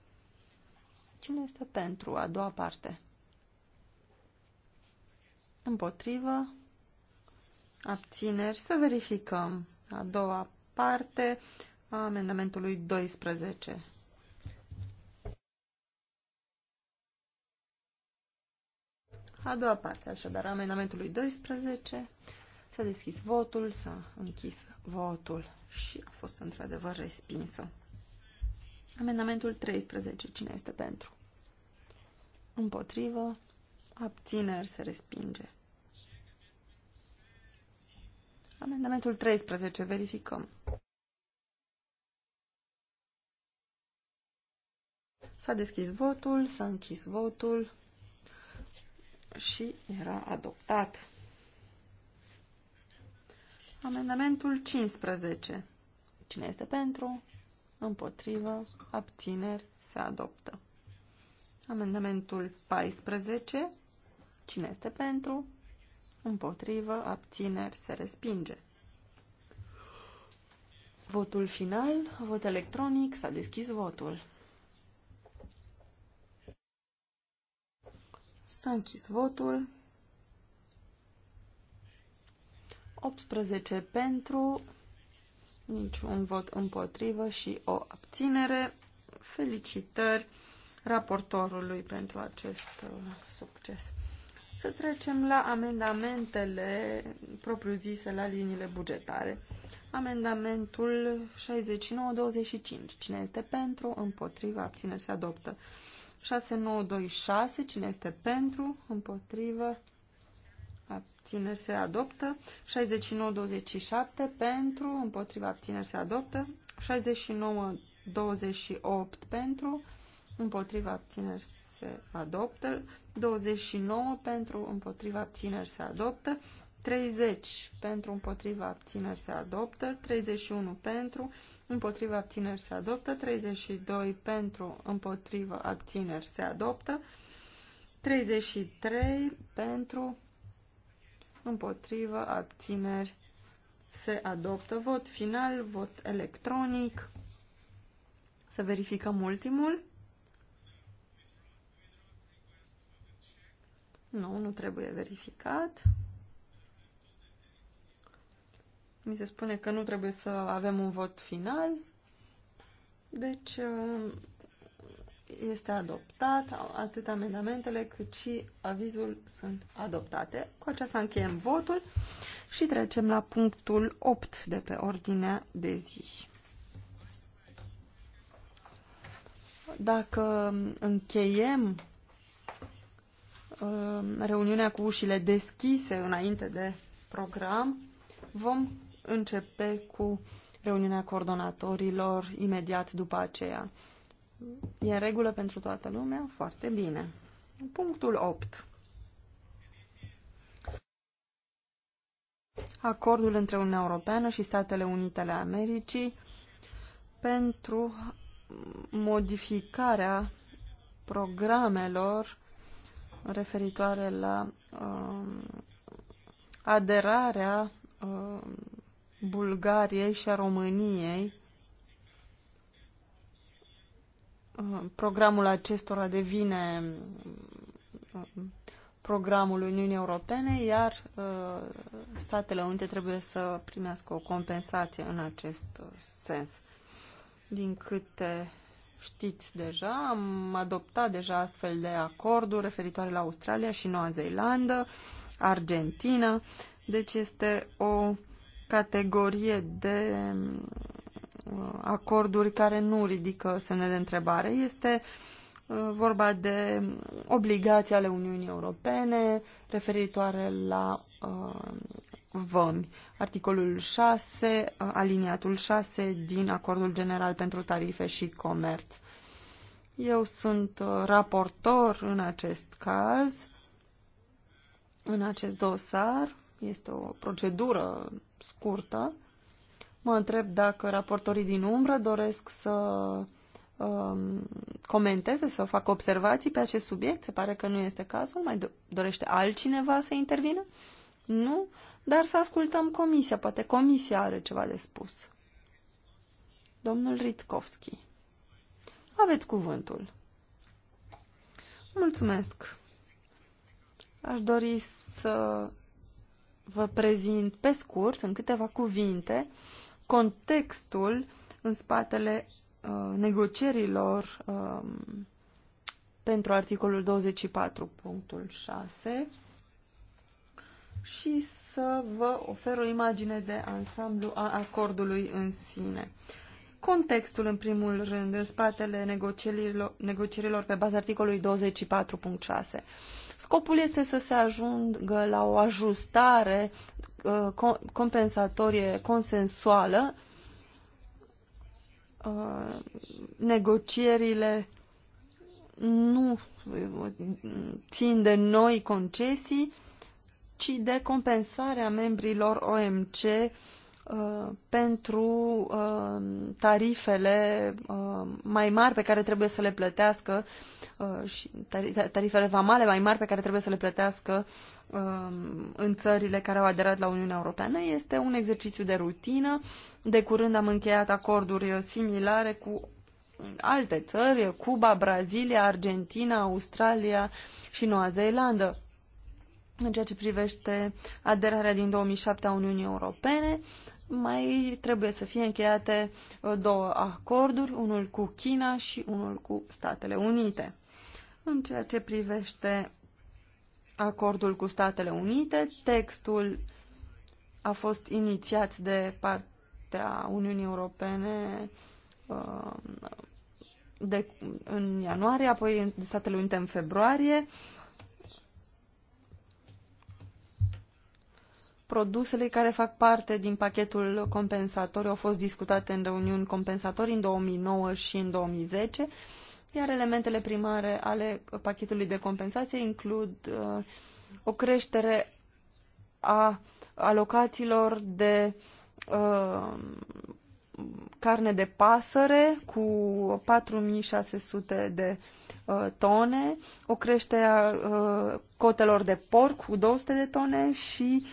Cine este pentru a doua parte? Împotrivă, abțineri, să verificăm a doua parte a amendamentului 12. A doua parte, așadar, amendamentului 12. S-a deschis votul, s-a închis votul și a fost într-adevăr respinsă. Amendamentul 13. Cine este pentru? Împotrivă. Abțineri se respinge. Amendamentul 13. Verificăm. S-a deschis votul, s-a închis votul și era adoptat. Amendamentul 15. Cine este pentru? Împotrivă. Abțineri. Se adoptă. Amendamentul 14. Cine este pentru? Împotrivă. Abțineri. Se respinge. Votul final. Vot electronic. S-a deschis votul. S-a închis votul. 18 pentru, niciun vot împotrivă și o abținere. Felicitări raportorului pentru acest uh, succes. Să trecem la amendamentele propriu-zise la liniile bugetare. Amendamentul 69-25. Cine este pentru, împotrivă, abțineri se adoptă. 6926, cine este pentru, împotrivă, abțineri se adoptă. 6927, pentru, împotrivă, abțineri se adoptă. 6928, pentru, împotrivă, abțineri se adoptă. 29 pentru, împotrivă, abțineri se adoptă. 30 pentru, împotrivă, abțineri se adoptă. 31 pentru, împotriva abțineri se adoptă, 32 pentru, împotriva abțineri se adoptă, 33 pentru, împotriva abțineri se adoptă. Vot final, vot electronic. Să verificăm ultimul. Nu, nu trebuie verificat. Mi se spune că nu trebuie să avem un vot final. Deci este adoptat, atât amendamentele cât și avizul sunt adoptate. Cu aceasta încheiem votul și trecem la punctul 8 de pe ordinea de zi. Dacă încheiem uh, reuniunea cu ușile deschise înainte de program, vom începe cu reuniunea coordonatorilor imediat după aceea. E în regulă pentru toată lumea? Foarte bine. Punctul 8. Acordul între Uniunea Europeană și Statele Unite ale Americii pentru modificarea programelor referitoare la uh, aderarea uh, Bulgariei și a României uh, programul acestora devine uh, programul Uniunii Europene, iar uh, Statele Unite trebuie să primească o compensație în acest sens. Din câte știți deja, am adoptat deja astfel de acorduri referitoare la Australia și Noua Zeelandă, Argentina, deci este o categorie de uh, acorduri care nu ridică semne de întrebare. Este uh, vorba de obligații ale Uniunii Europene referitoare la uh, vămi. Articolul 6, uh, aliniatul 6 din Acordul General pentru Tarife și Comerț. Eu sunt raportor în acest caz, în acest dosar este o procedură scurtă. Mă întreb dacă raportorii din umbră doresc să um, comenteze, să facă observații pe acest subiect. Se pare că nu este cazul. Mai do dorește altcineva să intervină? Nu? Dar să ascultăm comisia. Poate comisia are ceva de spus. Domnul Ritzkovski. Aveți cuvântul. Mulțumesc. Aș dori să vă prezint pe scurt, în câteva cuvinte, contextul în spatele uh, negocierilor uh, pentru articolul 24.6 și să vă ofer o imagine de ansamblu a acordului în sine. Contextul, în primul rând, în spatele negocierilor, negocierilor pe baza articolului 24.6. Scopul este să se ajungă la o ajustare uh, compensatorie consensuală. Uh, negocierile nu uh, țin de noi concesii, ci de compensarea membrilor OMC Uh, pentru uh, tarifele uh, mai mari pe care trebuie să le plătească și tarifele vamale mai mari pe care trebuie să le plătească în țările care au aderat la Uniunea Europeană. Este un exercițiu de rutină. De curând am încheiat acorduri similare cu alte țări, Cuba, Brazilia, Argentina, Australia și Noua Zeelandă în ceea ce privește aderarea din 2007 a Uniunii Europene mai trebuie să fie încheiate uh, două acorduri, unul cu China și unul cu Statele Unite. În ceea ce privește acordul cu Statele Unite, textul a fost inițiat de partea Uniunii Europene uh, de, în ianuarie, apoi în Statele Unite în februarie. produsele care fac parte din pachetul compensatoriu au fost discutate în reuniuni compensatorii în 2009 și în 2010, iar elementele primare ale pachetului de compensație includ uh, o creștere a alocațiilor de uh, carne de pasăre cu 4600 de uh, tone, o creștere a uh, cotelor de porc cu 200 de tone și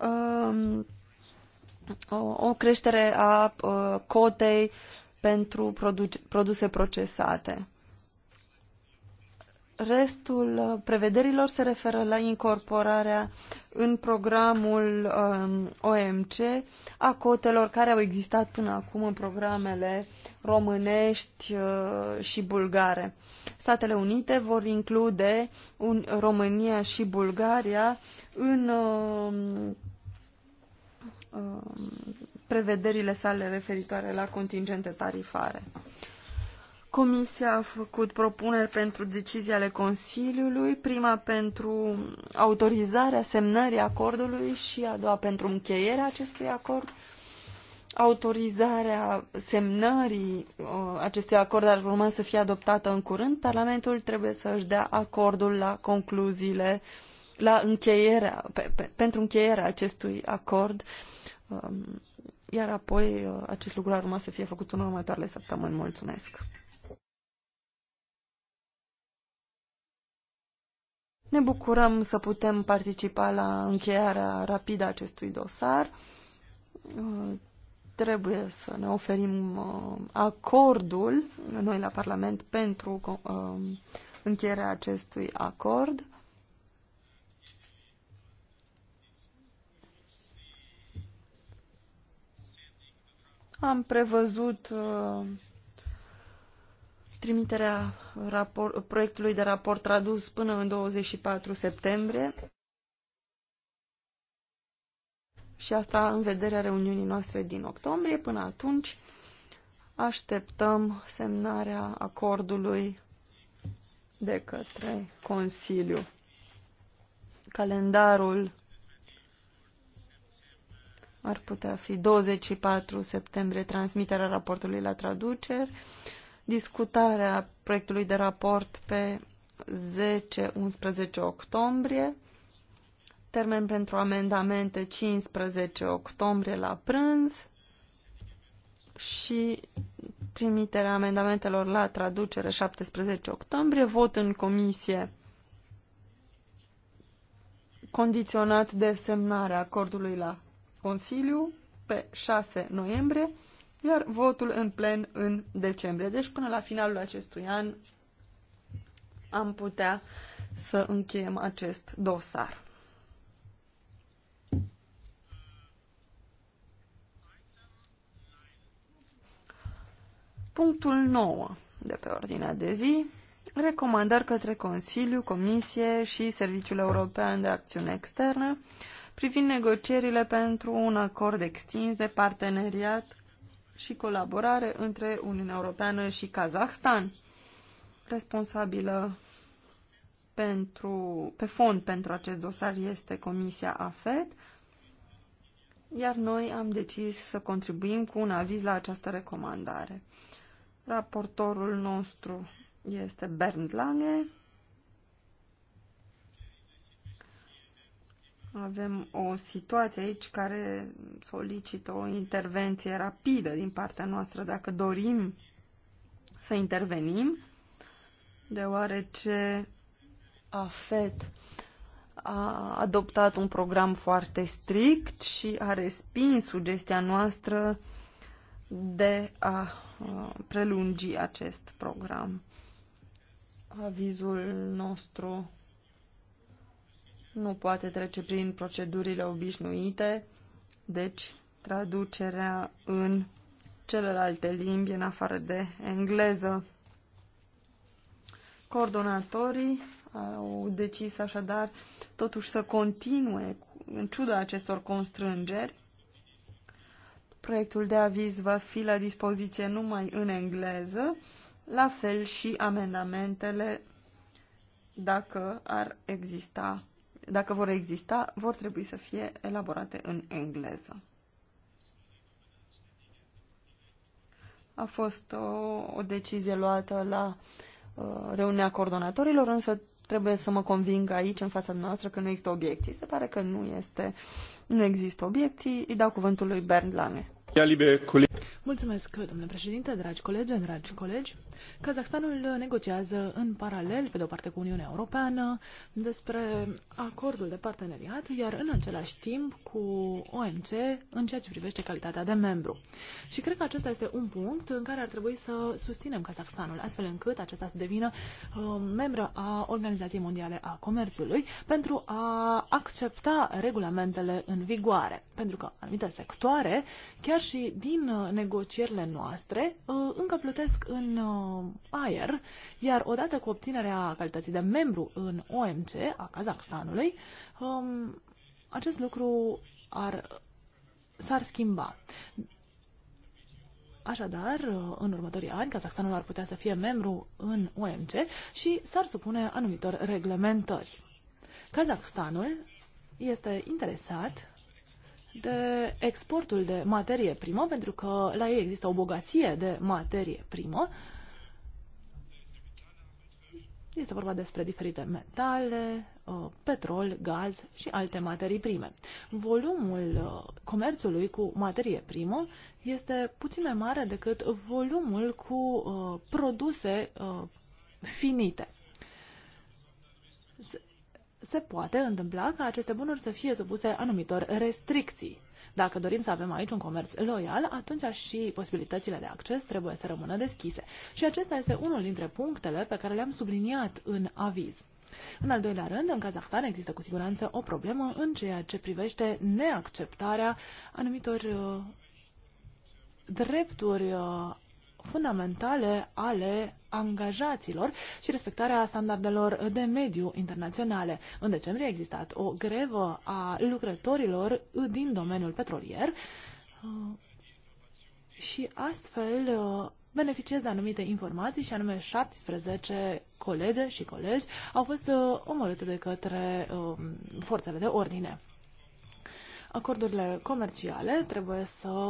Um, o creștere a uh, cotei pentru produse procesate. Restul uh, prevederilor se referă la incorporarea în programul um, OMC a cotelor care au existat până acum în programele românești uh, și bulgare. Statele Unite vor include România și Bulgaria în um, um, prevederile sale referitoare la contingente tarifare. Comisia a făcut propuneri pentru decizii ale Consiliului, prima pentru autorizarea semnării acordului și a doua pentru încheierea acestui acord. Autorizarea semnării uh, acestui acord ar urma să fie adoptată în curând. Parlamentul trebuie să își dea acordul la concluziile, la încheierea, pe, pe, pentru încheierea acestui acord, um, iar apoi uh, acest lucru ar urma să fie făcut în următoarele săptămâni. Mulțumesc! Ne bucurăm să putem participa la încheierea rapidă a acestui dosar. Uh, trebuie să ne oferim uh, acordul, noi la Parlament, pentru uh, încheierea acestui acord. Am prevăzut trimiterea rapor, proiectului de raport tradus până în 24 septembrie și asta în vederea reuniunii noastre din octombrie. Până atunci așteptăm semnarea acordului de către Consiliu. Calendarul ar putea fi 24 septembrie transmiterea raportului la traduceri, discutarea proiectului de raport pe 10-11 octombrie, termen pentru amendamente 15 octombrie la prânz și trimiterea amendamentelor la traducere 17 octombrie, vot în comisie condiționat de semnarea acordului la Consiliu pe 6 noiembrie iar votul în plen în decembrie. Deci până la finalul acestui an am putea să încheiem acest dosar. Punctul 9 de pe ordinea de zi, recomandări către Consiliu, Comisie și Serviciul European de Acțiune Externă privind negocierile pentru un acord extins de parteneriat și colaborare între Uniunea Europeană și Kazahstan, responsabilă pentru, pe fond pentru acest dosar este Comisia AFET, iar noi am decis să contribuim cu un aviz la această recomandare. Raportorul nostru este Bernd Lange, Avem o situație aici care solicită o intervenție rapidă din partea noastră dacă dorim să intervenim, deoarece AFET a adoptat un program foarte strict și a respins sugestia noastră de a prelungi acest program. Avizul nostru nu poate trece prin procedurile obișnuite, deci traducerea în celelalte limbi în afară de engleză. Coordonatorii au decis așadar totuși să continue în ciuda acestor constrângeri. Proiectul de aviz va fi la dispoziție numai în engleză, la fel și amendamentele dacă ar exista dacă vor exista, vor trebui să fie elaborate în engleză. A fost o, o decizie luată la reunea uh, reuniunea coordonatorilor, însă trebuie să mă conving aici, în fața noastră, că nu există obiecții. Se pare că nu, este, nu există obiecții. Îi dau cuvântul lui Bernd Lange. Mulțumesc, domnule președinte, dragi colegi, dragi colegi. Kazahstanul negociază în paralel, pe de o parte, cu Uniunea Europeană despre acordul de parteneriat, iar în același timp cu OMC în ceea ce privește calitatea de membru. Și cred că acesta este un punct în care ar trebui să susținem Kazahstanul, astfel încât acesta să devină uh, membră a Organizației Mondiale a Comerțului pentru a accepta regulamentele în vigoare. Pentru că anumite sectoare chiar chiar și din uh, negocierile noastre, uh, încă plătesc în uh, aer, iar odată cu obținerea calității de membru în OMC a Kazahstanului, um, acest lucru ar, s-ar schimba. Așadar, în următorii ani, Kazahstanul ar putea să fie membru în OMC și s-ar supune anumitor reglementări. Kazahstanul este interesat de exportul de materie primă, pentru că la ei există o bogăție de materie primă. Este vorba despre diferite metale, uh, petrol, gaz și alte materii prime. Volumul uh, comerțului cu materie primă este puțin mai mare decât volumul cu uh, produse finite se poate întâmpla ca aceste bunuri să fie supuse anumitor restricții. Dacă dorim să avem aici un comerț loial, atunci și posibilitățile de acces trebuie să rămână deschise. Și acesta este unul dintre punctele pe care le-am subliniat în aviz. În al doilea rând, în Kazahstan există cu siguranță o problemă în ceea ce privește neacceptarea anumitor uh, drepturi uh, fundamentale ale angajaților și respectarea standardelor de mediu internaționale. În decembrie a existat o grevă a lucrătorilor din domeniul petrolier uh, și astfel uh, beneficiez de anumite informații și anume 17 colege și colegi au fost uh, omorâte de către forțele de ordine. Acordurile comerciale trebuie să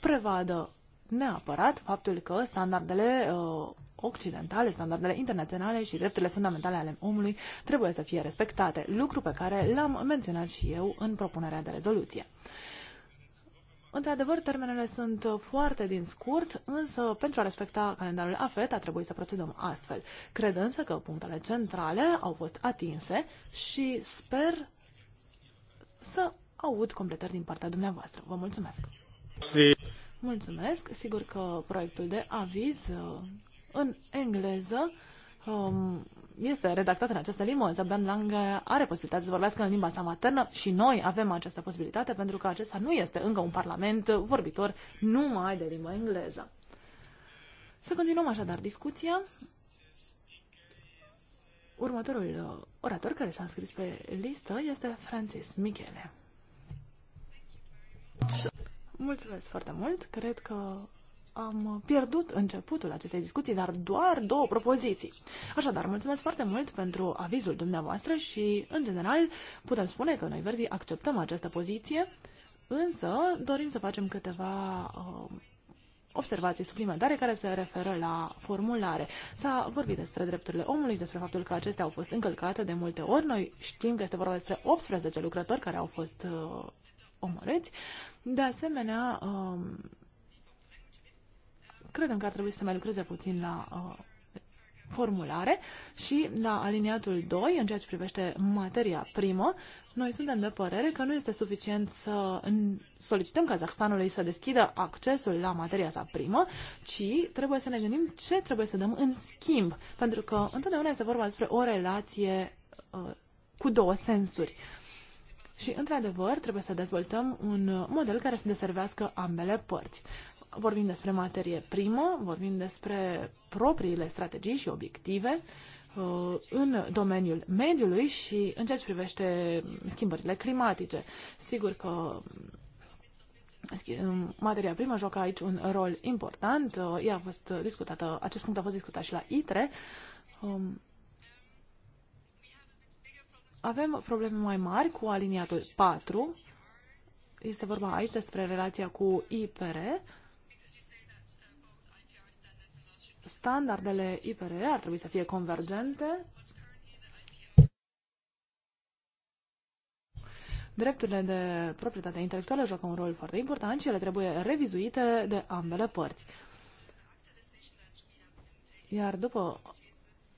prevadă neapărat faptul că standardele uh, occidentale, standardele internaționale și drepturile fundamentale ale omului trebuie să fie respectate, lucru pe care l-am menționat și eu în propunerea de rezoluție. Într-adevăr, termenele sunt foarte din scurt, însă pentru a respecta calendarul AFET a trebuit să procedăm astfel. Cred însă că punctele centrale au fost atinse și sper să aud completări din partea dumneavoastră. Vă mulțumesc! Mulțumesc. Sigur că proiectul de aviz uh, în engleză um, este redactat în această limbă. Zabian Lange are posibilitatea să vorbească în limba sa maternă și noi avem această posibilitate pentru că acesta nu este încă un parlament vorbitor numai de limba engleză. Să continuăm așadar discuția. Următorul uh, orator care s-a înscris pe listă este Francis Michele. Mulțumesc foarte mult. Cred că am pierdut începutul acestei discuții, dar doar două propoziții. Așadar, mulțumesc foarte mult pentru avizul dumneavoastră și, în general, putem spune că noi verzii acceptăm această poziție, însă dorim să facem câteva uh, observații suplimentare care se referă la formulare. S-a vorbit despre drepturile omului și despre faptul că acestea au fost încălcate de multe ori. Noi știm că este vorba despre 18 lucrători care au fost uh, omorâți. De asemenea, um, credem că ar trebui să mai lucreze puțin la uh, formulare și la aliniatul 2, în ceea ce privește materia primă, noi suntem de părere că nu este suficient să solicităm Kazahstanului să deschidă accesul la materia sa primă, ci trebuie să ne gândim ce trebuie să dăm în schimb, pentru că întotdeauna este vorba despre o relație uh, cu două sensuri. Uh, și, într-adevăr, trebuie să dezvoltăm un model care să deservească ambele părți. Vorbim despre materie primă, vorbim despre propriile strategii și obiective uh, în domeniul mediului și în ceea ce privește schimbările climatice. Sigur că um, materia primă joacă aici un rol important. Uh, ea a fost discutată, acest punct a fost discutat și la ITRE. Um, avem probleme mai mari cu aliniatul 4. Este vorba aici despre relația cu IPR. Standardele IPR ar trebui să fie convergente. Drepturile de proprietate intelectuală joacă un rol foarte important și ele trebuie revizuite de ambele părți. Iar după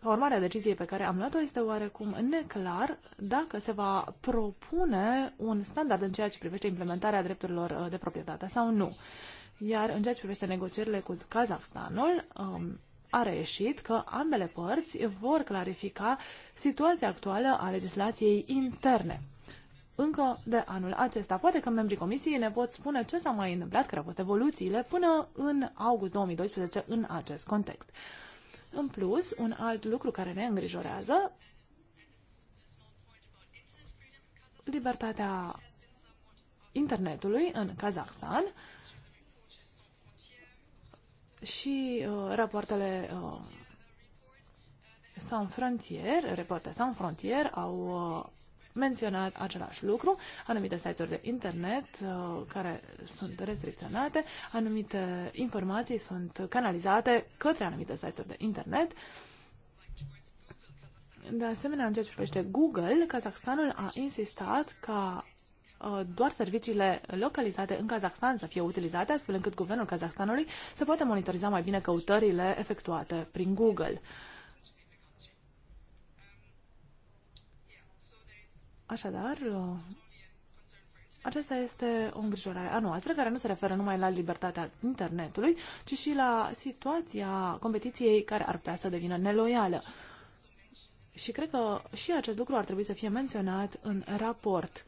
ca urmare a deciziei pe care am luat-o, este oarecum neclar dacă se va propune un standard în ceea ce privește implementarea drepturilor uh, de proprietate sau nu. Iar în ceea ce privește negocierile cu Kazahstanul, um, a reieșit că ambele părți vor clarifica situația actuală a legislației interne. Încă de anul acesta, poate că membrii comisiei ne pot spune ce s-a mai întâmplat, care au fost evoluțiile până în august 2012 în acest context. În plus, un alt lucru care ne îngrijorează, libertatea internetului în Kazahstan și uh, rapoartele uh, Sans Frontier, reporte San Frontier au uh, menționat același lucru, anumite site-uri de internet uh, care sunt restricționate, anumite informații sunt canalizate către anumite site-uri de internet. De asemenea, în ceea ce privește Google, Kazakhstanul a insistat ca uh, doar serviciile localizate în Kazakhstan să fie utilizate, astfel încât guvernul Kazakhstanului să poată monitoriza mai bine căutările efectuate prin Google. Așadar, uh, aceasta este o îngrijorare a noastră, care nu se referă numai la libertatea internetului, ci și la situația competiției care ar putea să devină neloială. Și cred că și acest lucru ar trebui să fie menționat în raport.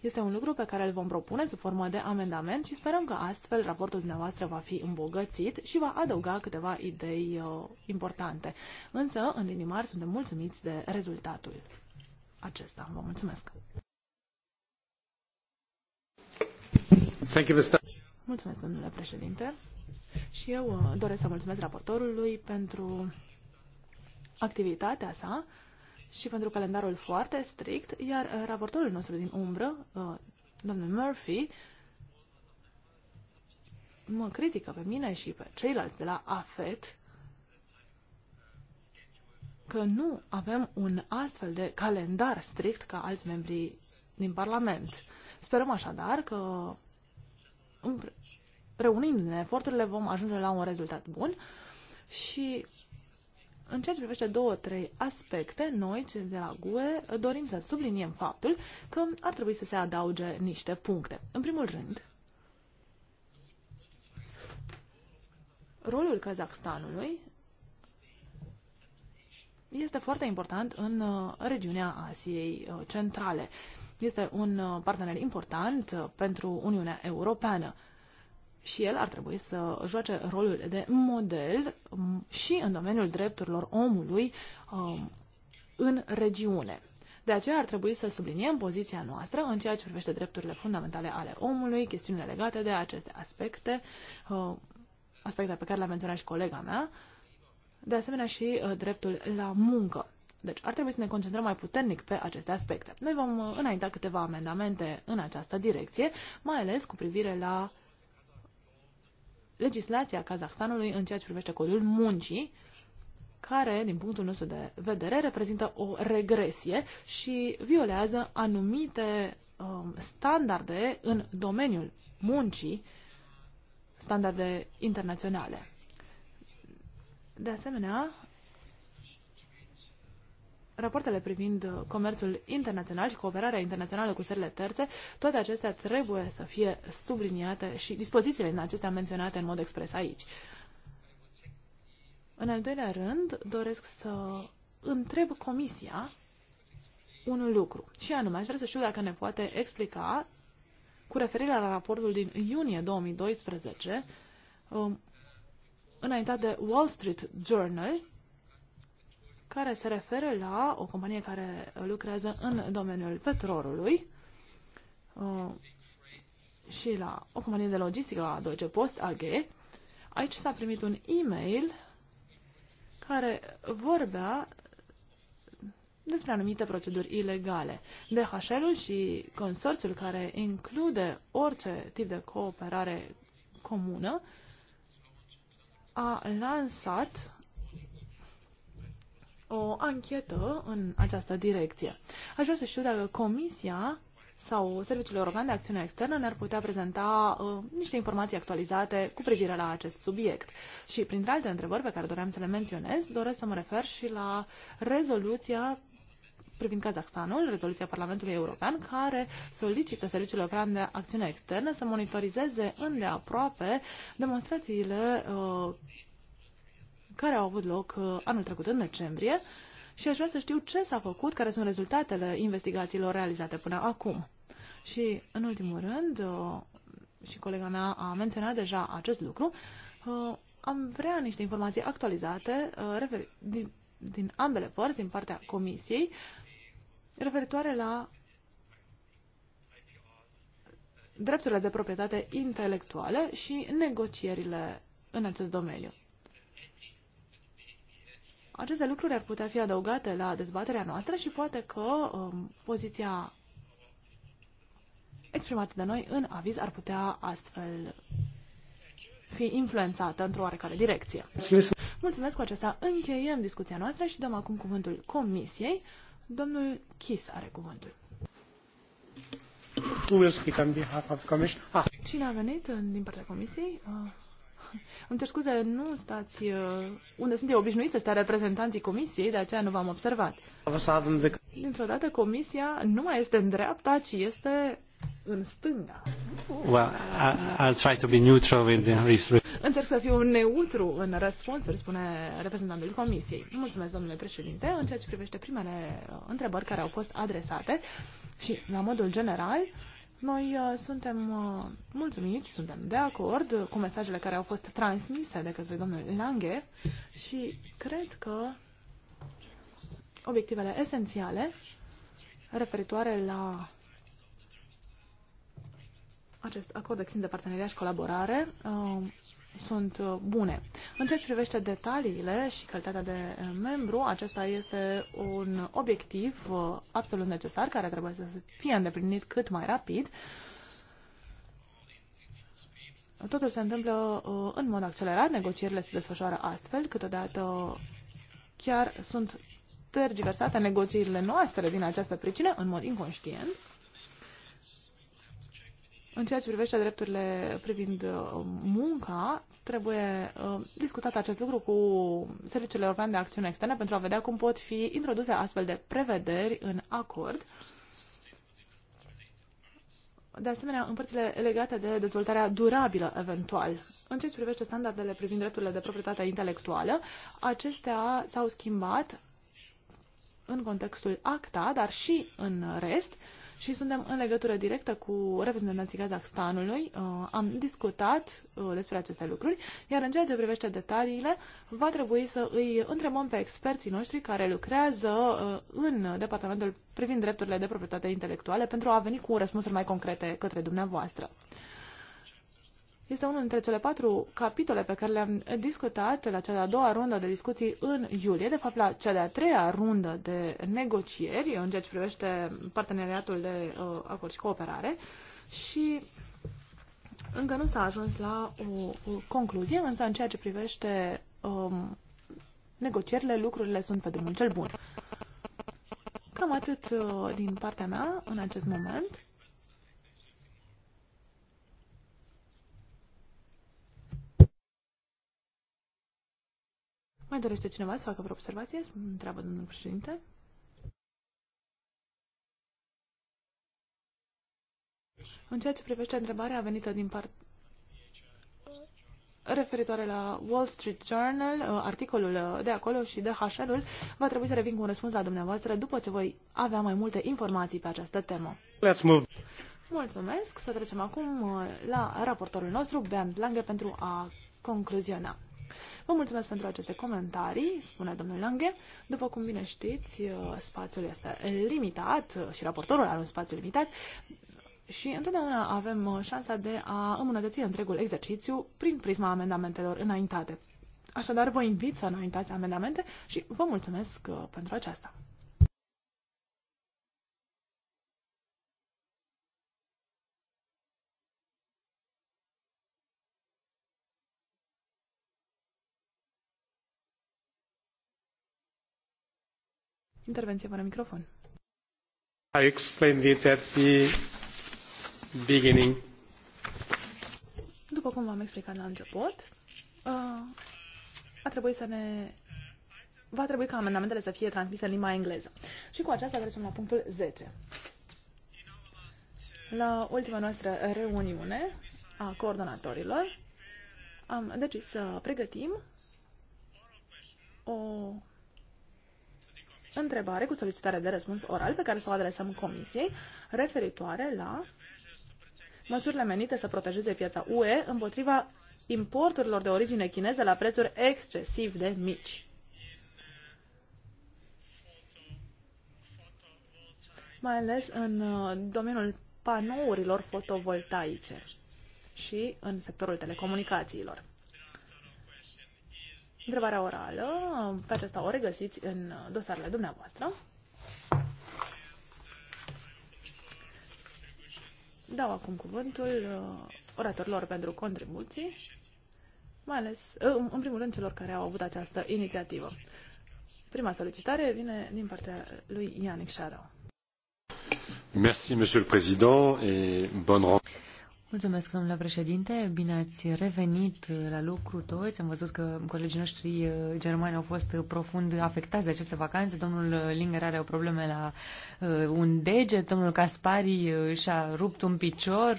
Este un lucru pe care îl vom propune sub formă de amendament și sperăm că astfel raportul dumneavoastră va fi îmbogățit și va adăuga câteva idei uh, importante. Însă, în linii mari, suntem mulțumiți de rezultatul acesta. Vă mulțumesc! Mulțumesc, domnule președinte. Și eu uh, doresc să mulțumesc raportorului pentru activitatea sa și pentru calendarul foarte strict, iar uh, raportorul nostru din umbră, uh, domnul Murphy, mă critică pe mine și pe ceilalți de la AFET că nu avem un astfel de calendar strict ca alți membri din Parlament. Sperăm așadar că reunind ne eforturile vom ajunge la un rezultat bun și în ceea ce privește două, trei aspecte, noi, cei de la GUE, dorim să subliniem faptul că ar trebui să se adauge niște puncte. În primul rând, rolul Kazakhstanului este foarte important în uh, regiunea Asiei uh, Centrale. Este un uh, partener important pentru Uniunea Europeană și el ar trebui să joace rolul de model um, și în domeniul drepturilor omului um, în regiune. De aceea ar trebui să subliniem poziția noastră în ceea ce privește drepturile fundamentale ale omului, chestiunile legate de aceste aspecte, aspecte pe care le-a menționat și colega mea, de asemenea și uh, dreptul la muncă. Deci ar trebui să ne concentrăm mai puternic pe aceste aspecte. Noi vom uh, înainta câteva amendamente în această direcție, mai ales cu privire la legislația Kazahstanului în ceea ce privește codul muncii, care, din punctul nostru de vedere, reprezintă o regresie și violează anumite um, standarde în domeniul muncii, standarde internaționale. De asemenea, rapoartele privind comerțul internațional și cooperarea internațională cu țările terțe, toate acestea trebuie să fie subliniate și dispozițiile din acestea menționate în mod expres aici. În al doilea rând, doresc să întreb Comisia un lucru. Și anume, aș vrea să știu dacă ne poate explica, cu referire la raportul din iunie 2012, înaintat de Wall Street Journal, care se referă la o companie care lucrează în domeniul petrolului uh, și la o companie de logistică a Deutsche Post AG. Aici s-a primit un e-mail care vorbea despre anumite proceduri ilegale. DHL-ul și consorțiul care include orice tip de cooperare comună uh, a lansat o anchetă în această direcție. Aș vrea să știu dacă Comisia sau Serviciul European de Acțiune Externă ne-ar putea prezenta uh, niște informații actualizate cu privire la acest subiect. Și printre alte întrebări pe care doream să le menționez, doresc să mă refer și la rezoluția privind Kazahstanul, rezoluția Parlamentului European, care solicită Serviciul European de Acțiune Externă să monitorizeze îndeaproape demonstrațiile uh, care au avut loc uh, anul trecut în decembrie și aș vrea să știu ce s-a făcut, care sunt rezultatele investigațiilor realizate până acum. Și, în ultimul rând, uh, și colega mea a menționat deja acest lucru, am vrea niște informații actualizate referi, din, din ambele părți, din partea Comisiei, referitoare la drepturile de proprietate intelectuală și negocierile în acest domeniu. Aceste lucruri ar putea fi adăugate la dezbaterea noastră și poate că um, poziția exprimată de noi în aviz ar putea astfel fi influențată într-o oarecare direcție. Mulțumesc cu acesta, încheiem discuția noastră și dăm acum cuvântul Comisiei. Domnul Chis are cuvântul. Who will speak on behalf of commission? Ah. Cine a venit din partea comisiei? Uh, îmi cer scuze, nu stați uh, unde sunt eu obișnuit să stea reprezentanții comisiei, de aceea nu v-am observat. Dintr-o dată comisia nu mai este în dreapta, ci este în stânga. Well, I, I'll try to be neutral with the Încerc să fiu neutru în răspunsuri, spune reprezentantul Comisiei. Mulțumesc, domnule președinte. În ceea ce privește primele uh, întrebări care au fost adresate și, la modul general, noi uh, suntem uh, mulțumiți, suntem de acord cu mesajele care au fost transmise de către domnul Lange și cred că obiectivele esențiale referitoare la acest acord extins de parteneriat și colaborare um, uh, sunt bune. În ceea ce privește detaliile și calitatea de uh, membru, acesta este un obiectiv uh, absolut necesar care trebuie să fie îndeplinit cât mai rapid. Totul se întâmplă uh, în mod accelerat, negocierile se desfășoară astfel, câteodată chiar sunt tergiversate negocierile noastre din această pricină, în mod inconștient. În ceea ce privește drepturile privind uh, munca, trebuie uh, discutat acest lucru cu serviciile europene de Acțiune Externă pentru a vedea cum pot fi introduse astfel de prevederi în acord. De asemenea, în părțile legate de dezvoltarea durabilă, eventual. În ceea ce privește standardele privind drepturile de proprietate intelectuală, acestea s-au schimbat în contextul ACTA, dar și în rest. Uh, și suntem în legătură directă cu reprezentanții Kazahstanului. Uh, am discutat uh, despre aceste lucruri, iar în ceea ce privește detaliile, va trebui să îi întrebăm pe experții noștri care lucrează uh, în departamentul privind drepturile de proprietate intelectuale pentru a veni cu răspunsuri mai concrete către dumneavoastră. Este unul dintre cele patru capitole pe care le-am discutat la cea de-a doua rundă de discuții în iulie, de fapt la cea de-a treia rundă de negocieri în ceea ce privește parteneriatul de uh, acord și cooperare și încă nu s-a ajuns la o, o concluzie, însă în ceea ce privește um, negocierile, lucrurile sunt pe drumul cel bun. Cam atât uh, din partea mea în acest moment. Mai dorește cineva să facă vreo observație? Întreabă domnul președinte. În ceea ce privește întrebarea venită din part referitoare la Wall Street Journal, uh, articolul uh, de acolo și de hl ul va trebui să revin cu un răspuns la dumneavoastră după ce voi avea mai multe informații pe această temă. Let's move. Mulțumesc. Să trecem acum uh, la raportorul nostru, Bernd Lange, pentru a concluziona. Vă mulțumesc pentru aceste comentarii, spune domnul Lange. După cum bine știți, uh, spațiul este limitat uh, și raportorul are un spațiu limitat și întotdeauna avem uh, șansa de a îmbunătăți întregul exercițiu prin prisma amendamentelor înaintate. Așadar, vă invit să înaintați amendamente și vă mulțumesc pentru aceasta. Intervenție fără microfon. I explained it at the beginning. După cum v-am explicat la început, uh, a trebuit să ne va trebui ca amendamentele să fie transmise în limba engleză. Și cu aceasta trecem la punctul 10. La ultima noastră reuniune a coordonatorilor am decis să pregătim o întrebare cu solicitare de răspuns oral pe care să o adresăm Comisiei referitoare la măsurile menite să protejeze piața UE împotriva importurilor de origine chineză la prețuri excesiv de mici. mai ales în uh, domeniul panourilor fotovoltaice și în sectorul telecomunicațiilor. Întrebarea orală, pe acesta o regăsiți în dosarele dumneavoastră. Dau acum cuvântul uh, oratorilor pentru contribuții, mai ales, uh, în primul rând, celor care au avut această inițiativă. Prima solicitare vine din partea lui Ianic Șarau. Merci, Monsieur le Président, et bonne Mulțumesc, domnule președinte. Bine ați revenit la lucru toți. Am văzut că colegii noștri eh, germani au fost profund afectați de aceste vacanțe. Domnul eh, Linger are o probleme la eh, un deget, domnul Caspari și-a rupt un picior.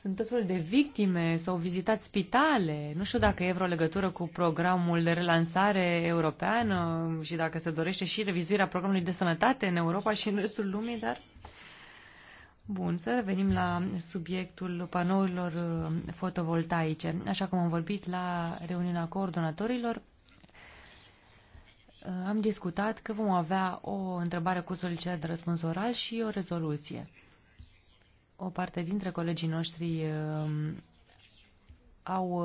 Sunt tot felul de victime, s-au vizitat spitale. Nu știu dacă e vreo legătură cu programul de relansare europeană și dacă se dorește și revizuirea programului de sănătate în Europa și în restul lumii, dar Bun, să revenim la subiectul panourilor uh, fotovoltaice. Așa cum am vorbit la reuniunea coordonatorilor, uh, am discutat că vom avea o întrebare cu solicitare de răspuns oral și o rezoluție. O parte dintre colegii noștri uh, au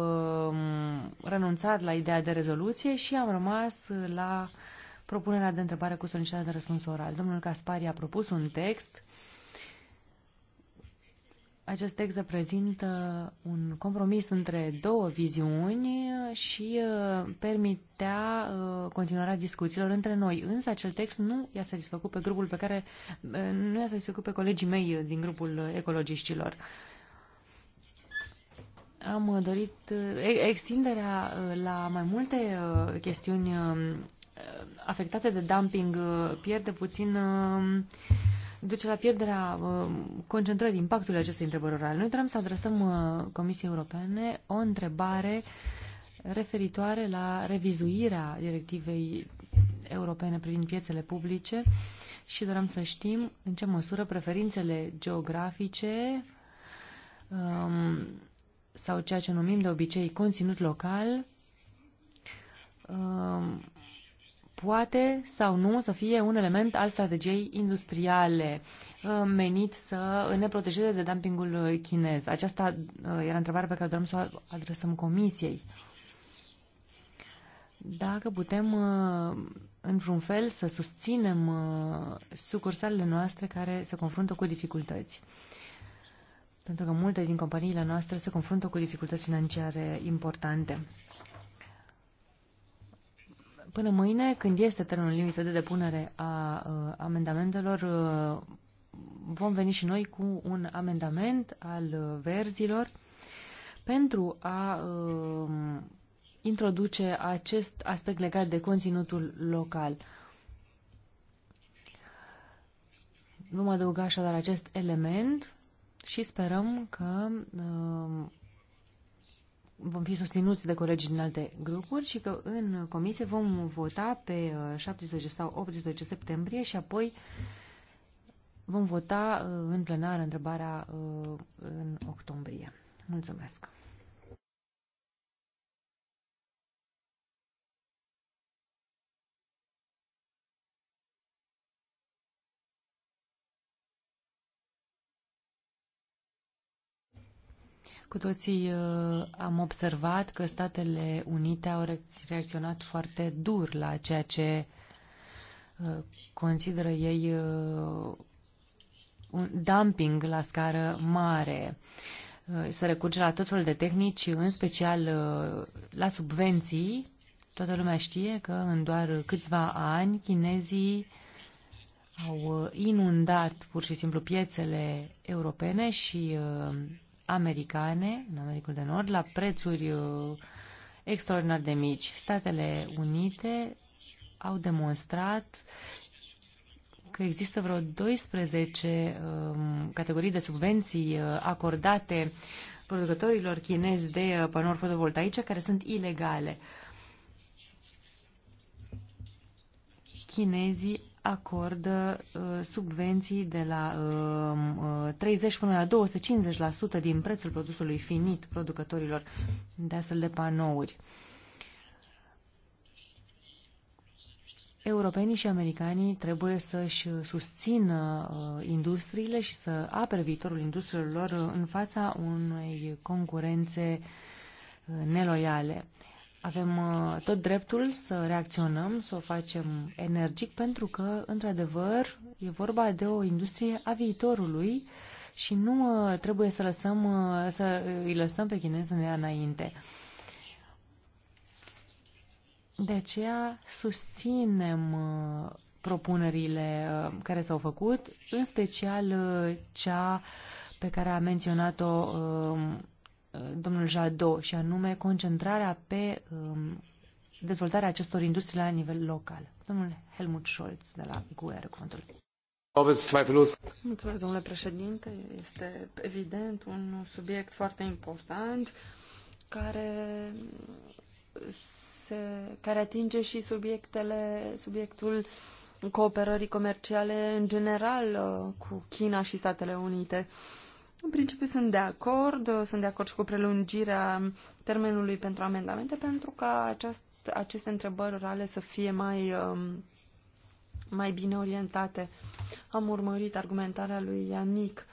renunțat la ideea de rezoluție și am rămas la propunerea de întrebare cu solicitare de răspuns oral. Domnul Caspari a propus un text acest text reprezintă un compromis între două viziuni și uh, permitea uh, continuarea discuțiilor între noi. Însă acel text nu i-a satisfăcut pe grupul pe care uh, nu i-a satisfăcut pe colegii mei din grupul ecologiștilor. Am dorit extinderea la mai multe chestiuni afectate de dumping pierde puțin duce la pierderea um, concentrării impactului acestei întrebări orale. Noi trebuie să adresăm uh, Comisiei Europene o întrebare referitoare la revizuirea directivei europene privind piețele publice și dorem să știm în ce măsură preferințele geografice um, sau ceea ce numim de obicei conținut local um, poate sau nu să fie un element al strategiei industriale uh, menit să ne protejeze de dumpingul uh, chinez. Aceasta uh, era întrebarea pe care doream să o adresăm Comisiei. Dacă putem într-un fel să susținem sucursalele noastre care se confruntă cu dificultăți. Pentru că multe din companiile noastre se confruntă cu dificultăți financiare importante. Până mâine, când este termenul limită de depunere a uh, amendamentelor, uh, vom veni și noi cu un amendament al uh, verzilor pentru a introduce acest aspect legat de conținutul local. Vom adăuga așadar acest element și sperăm că uh, vom fi susținuți de colegi din alte grupuri și că în comisie vom vota pe 17 uh, sau 18 septembrie și apoi vom vota uh, în plenară întrebarea uh, în octombrie. Mulțumesc! Cu toții uh, am observat că Statele Unite au reacționat foarte dur la ceea ce uh, consideră ei uh, un dumping la scară mare. să recurge la tot felul de tehnici, în special la subvenții. Toată lumea știe că în doar câțiva ani chinezii au inundat pur și simplu piețele europene și americane, în Americul de Nord, la prețuri uh, extraordinar de mici. Statele Unite au demonstrat că există vreo 12 um, categorii de subvenții uh, acordate producătorilor chinezi de uh, panouri fotovoltaice care sunt ilegale. Chinezii acordă uh, subvenții de la 30 uh, uh, până la 250% din prețul produsului finit producătorilor de astfel de panouri. Europenii și americanii trebuie să-și susțină industriile și să apere viitorul industriilor lor în fața unei concurențe neloiale. Avem uh, tot dreptul să reacționăm, să o facem energic, pentru că, într-adevăr, e vorba de o industrie a viitorului și nu uh, trebuie să, lăsăm, uh, să îi lăsăm pe chinezi să ne ia înainte. De aceea susținem propunerile care s-au făcut, în special cea pe care a menționat-o Uh, domnul Jadot, și anume concentrarea pe um, dezvoltarea acestor industrii la nivel local. Domnul Helmut Scholz de la GUER, cuvântul. Mulțumesc, domnule președinte. Este evident un subiect foarte important care, se, care atinge și subiectele, subiectul cooperării comerciale în general uh, cu China și Statele Unite. În principiu sunt de acord, sunt de acord și cu prelungirea termenului pentru amendamente, pentru ca aceast, aceste întrebări orale să fie mai, um, mai bine orientate. Am urmărit argumentarea lui Ianic.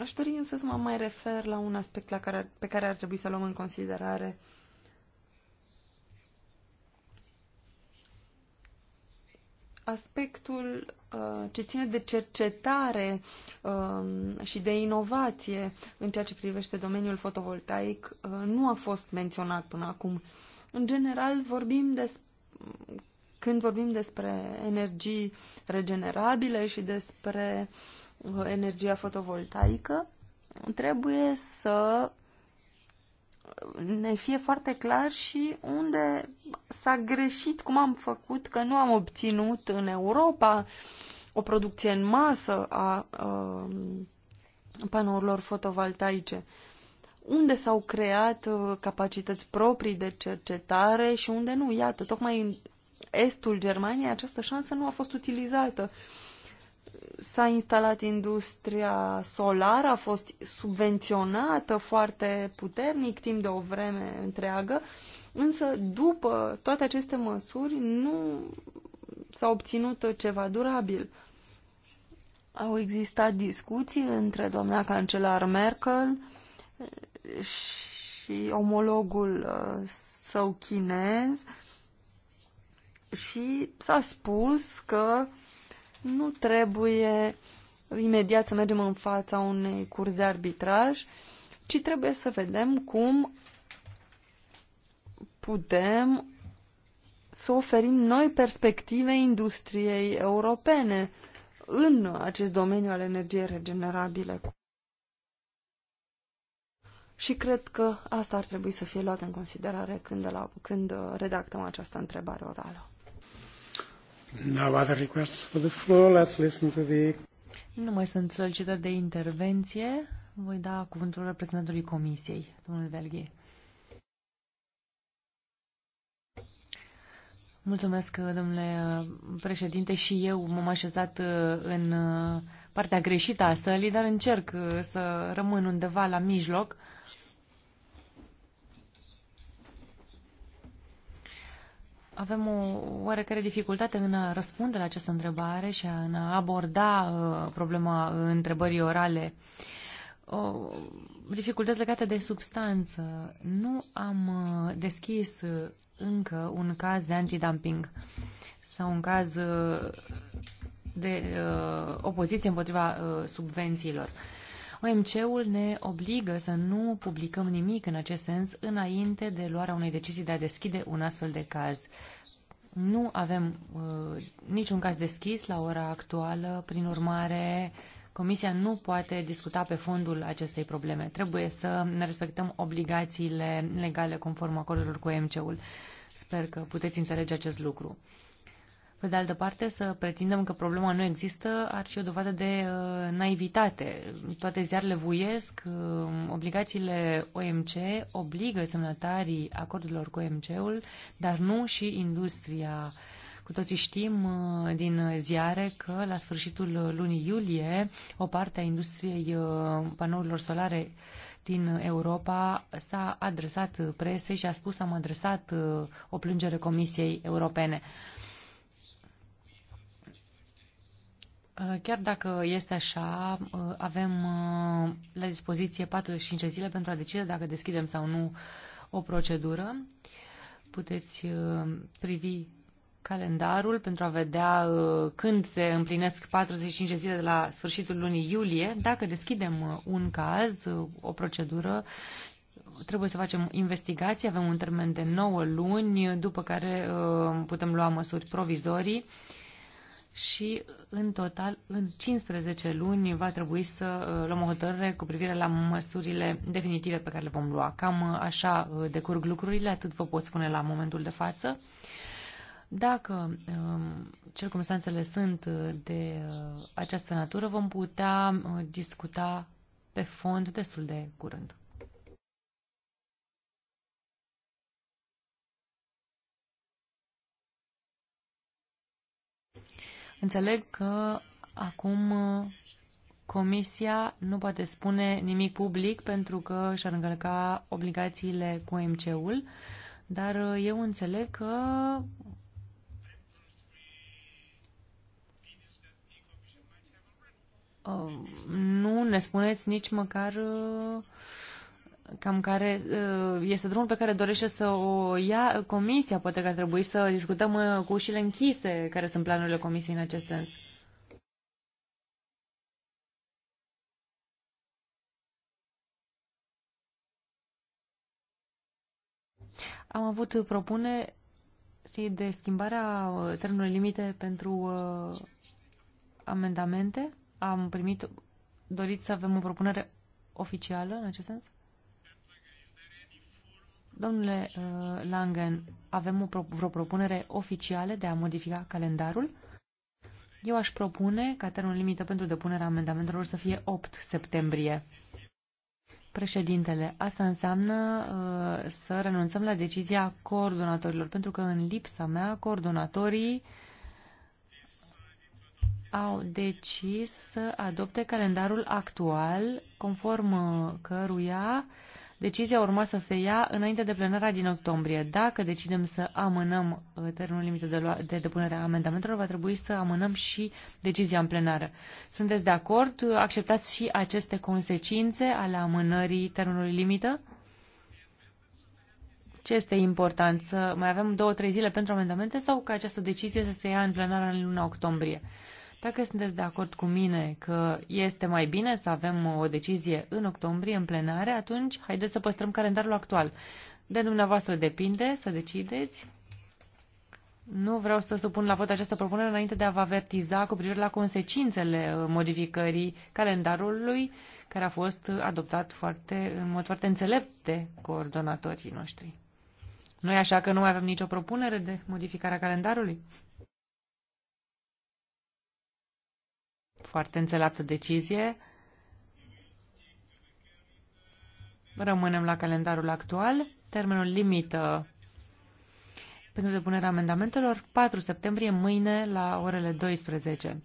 Aș dori însă să mă mai refer la un aspect la care, pe care ar trebui să luăm în considerare uh, aspectul uh, ce ține de cercetare um, și de inovație în ceea ce privește domeniul fotovoltaic uh, nu a fost menționat până acum. În general, vorbim des... când vorbim despre energii regenerabile și despre uh, energia fotovoltaică, trebuie să ne fie foarte clar și unde s-a greșit, cum am făcut că nu am obținut în Europa o producție în masă a uh, panourilor fotovoltaice. Unde s-au creat uh, capacități proprii de cercetare și unde nu? Iată, tocmai în estul Germaniei această șansă nu a fost utilizată. S-a instalat industria solară, a fost subvenționată foarte puternic timp de o vreme întreagă Însă, după toate aceste măsuri, nu s-a obținut ceva durabil. Au existat discuții între doamna cancelar Merkel și omologul uh, său chinez și s-a spus că nu trebuie imediat să mergem în fața unei curzi de arbitraj, ci trebuie să vedem cum putem să oferim noi perspective industriei europene în acest domeniu al energiei regenerabile. Și cred că asta ar trebui să fie luat în considerare când, la, când redactăm această întrebare orală. Now other requests for the floor. Let's listen to the... Nu mai sunt solicitări de intervenție. Voi da cuvântul reprezentantului Comisiei, domnul Velghe. Mulțumesc, domnule uh, președinte, și eu m-am așezat uh, în uh, partea greșită a sălii, dar încerc să rămân undeva la mijloc. Avem o oarecare dificultate în a răspunde la această întrebare și în a aborda problema întrebării orale. O dificultăți legate de substanță. Nu am deschis încă un caz de antidumping sau un caz uh, de uh, opoziție împotriva uh, subvențiilor. OMC-ul ne obligă să nu publicăm nimic în acest sens înainte de luarea unei decizii de a deschide un astfel de caz. Nu avem uh, niciun caz deschis la ora actuală, prin urmare uh, Comisia nu poate discuta pe fondul acestei probleme. Trebuie să ne respectăm obligațiile legale conform acordurilor cu MC-ul. Sper că puteți înțelege acest lucru. Pe de altă parte, să pretindem că problema nu există ar fi o dovadă de uh, naivitate. Toate ziarele vuiesc, uh, obligațiile OMC obligă semnătarii acordurilor cu OMC-ul, dar nu și industria uh, cu toții știm uh, din ziare că la sfârșitul lunii iulie o parte a industriei uh, panourilor solare din Europa s-a adresat presei și a spus am adresat uh, o plângere Comisiei Europene. Chiar dacă este așa, avem la dispoziție 45 zile pentru a decide dacă deschidem sau nu o procedură. Puteți privi calendarul pentru a vedea uh, când se împlinesc 45 de zile de la sfârșitul lunii iulie. Dacă deschidem uh, un caz, uh, o procedură, trebuie să facem investigații, avem un termen de 9 luni, după care putem lua măsuri provizorii și în total în 15 luni va trebui să luăm o hotărâre cu privire la măsurile definitive pe care le vom lua. Cam așa decurg lucrurile, atât vă pot spune la momentul de față. Dacă um, circumstanțele sunt uh, de uh, această natură, vom putea uh, discuta pe fond destul de curând. Înțeleg că acum Comisia nu poate spune nimic public pentru că și-ar încălca obligațiile cu MC-ul, dar eu înțeleg că nu ne spuneți nici măcar uh, cam care uh, este drumul pe care dorește să o ia comisia. Poate că ar trebui să discutăm uh, cu ușile închise care sunt planurile comisiei în acest sens. Am avut propune de schimbarea termenului limite pentru amendamente am primit, doriți să avem o propunere oficială în acest sens? Domnule uh, Langen, avem o pro vreo propunere oficială de a modifica calendarul? Eu aș propune ca termenul limită pentru depunerea amendamentelor să fie 8 septembrie. Președintele, asta înseamnă uh, să renunțăm la decizia coordonatorilor, pentru că în lipsa mea, coordonatorii uh, au decis să adopte calendarul actual, conform uh, căruia decizia urma să se ia înainte de plenara din octombrie. Dacă decidem să amânăm uh, termenul limită de, de depunere a amendamentelor, va trebui să amânăm și decizia în plenară. Sunteți de acord? Uh, acceptați și aceste consecințe ale amânării termenului limită? Ce este important? Să mai avem două, trei zile pentru amendamente sau ca această decizie să se ia în plenară în luna octombrie? Dacă sunteți de acord cu mine că este mai bine să avem o decizie în octombrie, în plenare, atunci haideți să păstrăm calendarul actual. De dumneavoastră depinde să decideți. Nu vreau să supun la vot această propunere înainte de a vă avertiza cu privire la consecințele uh, modificării calendarului care a fost adoptat foarte, în mod foarte înțelept de coordonatorii noștri. Nu e așa că nu mai avem nicio propunere de modificare a calendarului? Foarte înțeleaptă decizie. Rămânem la calendarul actual. Termenul limită pentru depunerea amendamentelor 4 septembrie, mâine la orele 12.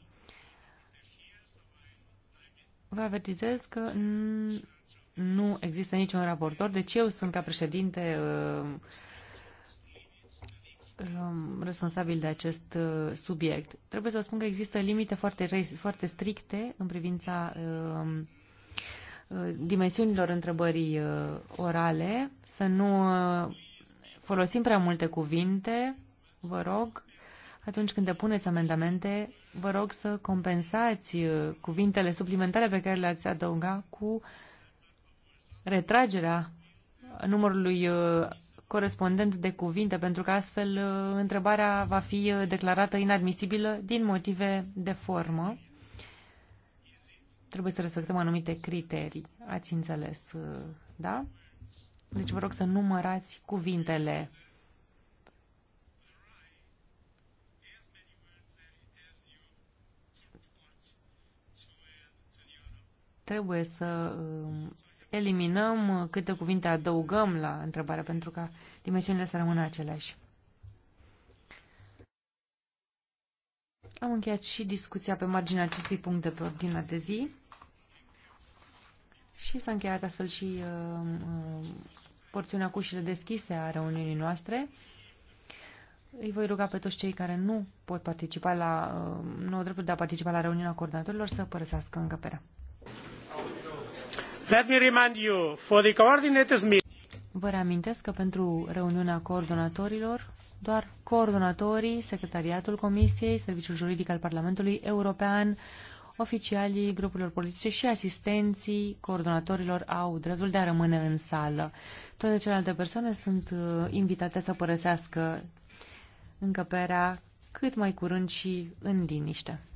Vă avertizez că nu există niciun raportor, deci eu sunt ca președinte uh, responsabil de acest uh, subiect. Trebuie să spun că există limite foarte, foarte stricte în privința um, uh, dimensiunilor întrebării uh, orale, să nu folosim prea multe cuvinte, vă rog, atunci când depuneți amendamente, vă rog să compensați cuvintele suplimentare pe care le-ați adăuga cu retragerea numărului corespondent de cuvinte, pentru că astfel uh, întrebarea va fi uh, declarată inadmisibilă din motive de formă. Trebuie să respectăm anumite criterii. Ați înțeles, uh, da? Deci vă rog să numărați cuvintele. Trebuie să um, eliminăm, uh, câte cuvinte adăugăm la întrebare, pentru ca dimensiunile să rămână aceleași. Am încheiat și discuția pe marginea acestui punct de pe ordinea de zi și s-a încheiat astfel și uh, uh, porțiunea cu ușile deschise a reuniunii noastre. Îi voi ruga pe toți cei care nu pot participa la, uh, nu au dreptul de a participa la reuniunea coordonatorilor să părăsească încăperea. Vă reamintesc că pentru reuniunea coordonatorilor, doar coordonatorii, secretariatul Comisiei, Serviciul Juridic al Parlamentului European, oficialii grupurilor politice și asistenții coordonatorilor au dreptul de a rămâne în sală. Toate celelalte persoane sunt uh, invitate să părăsească încăperea cât mai curând și în liniște.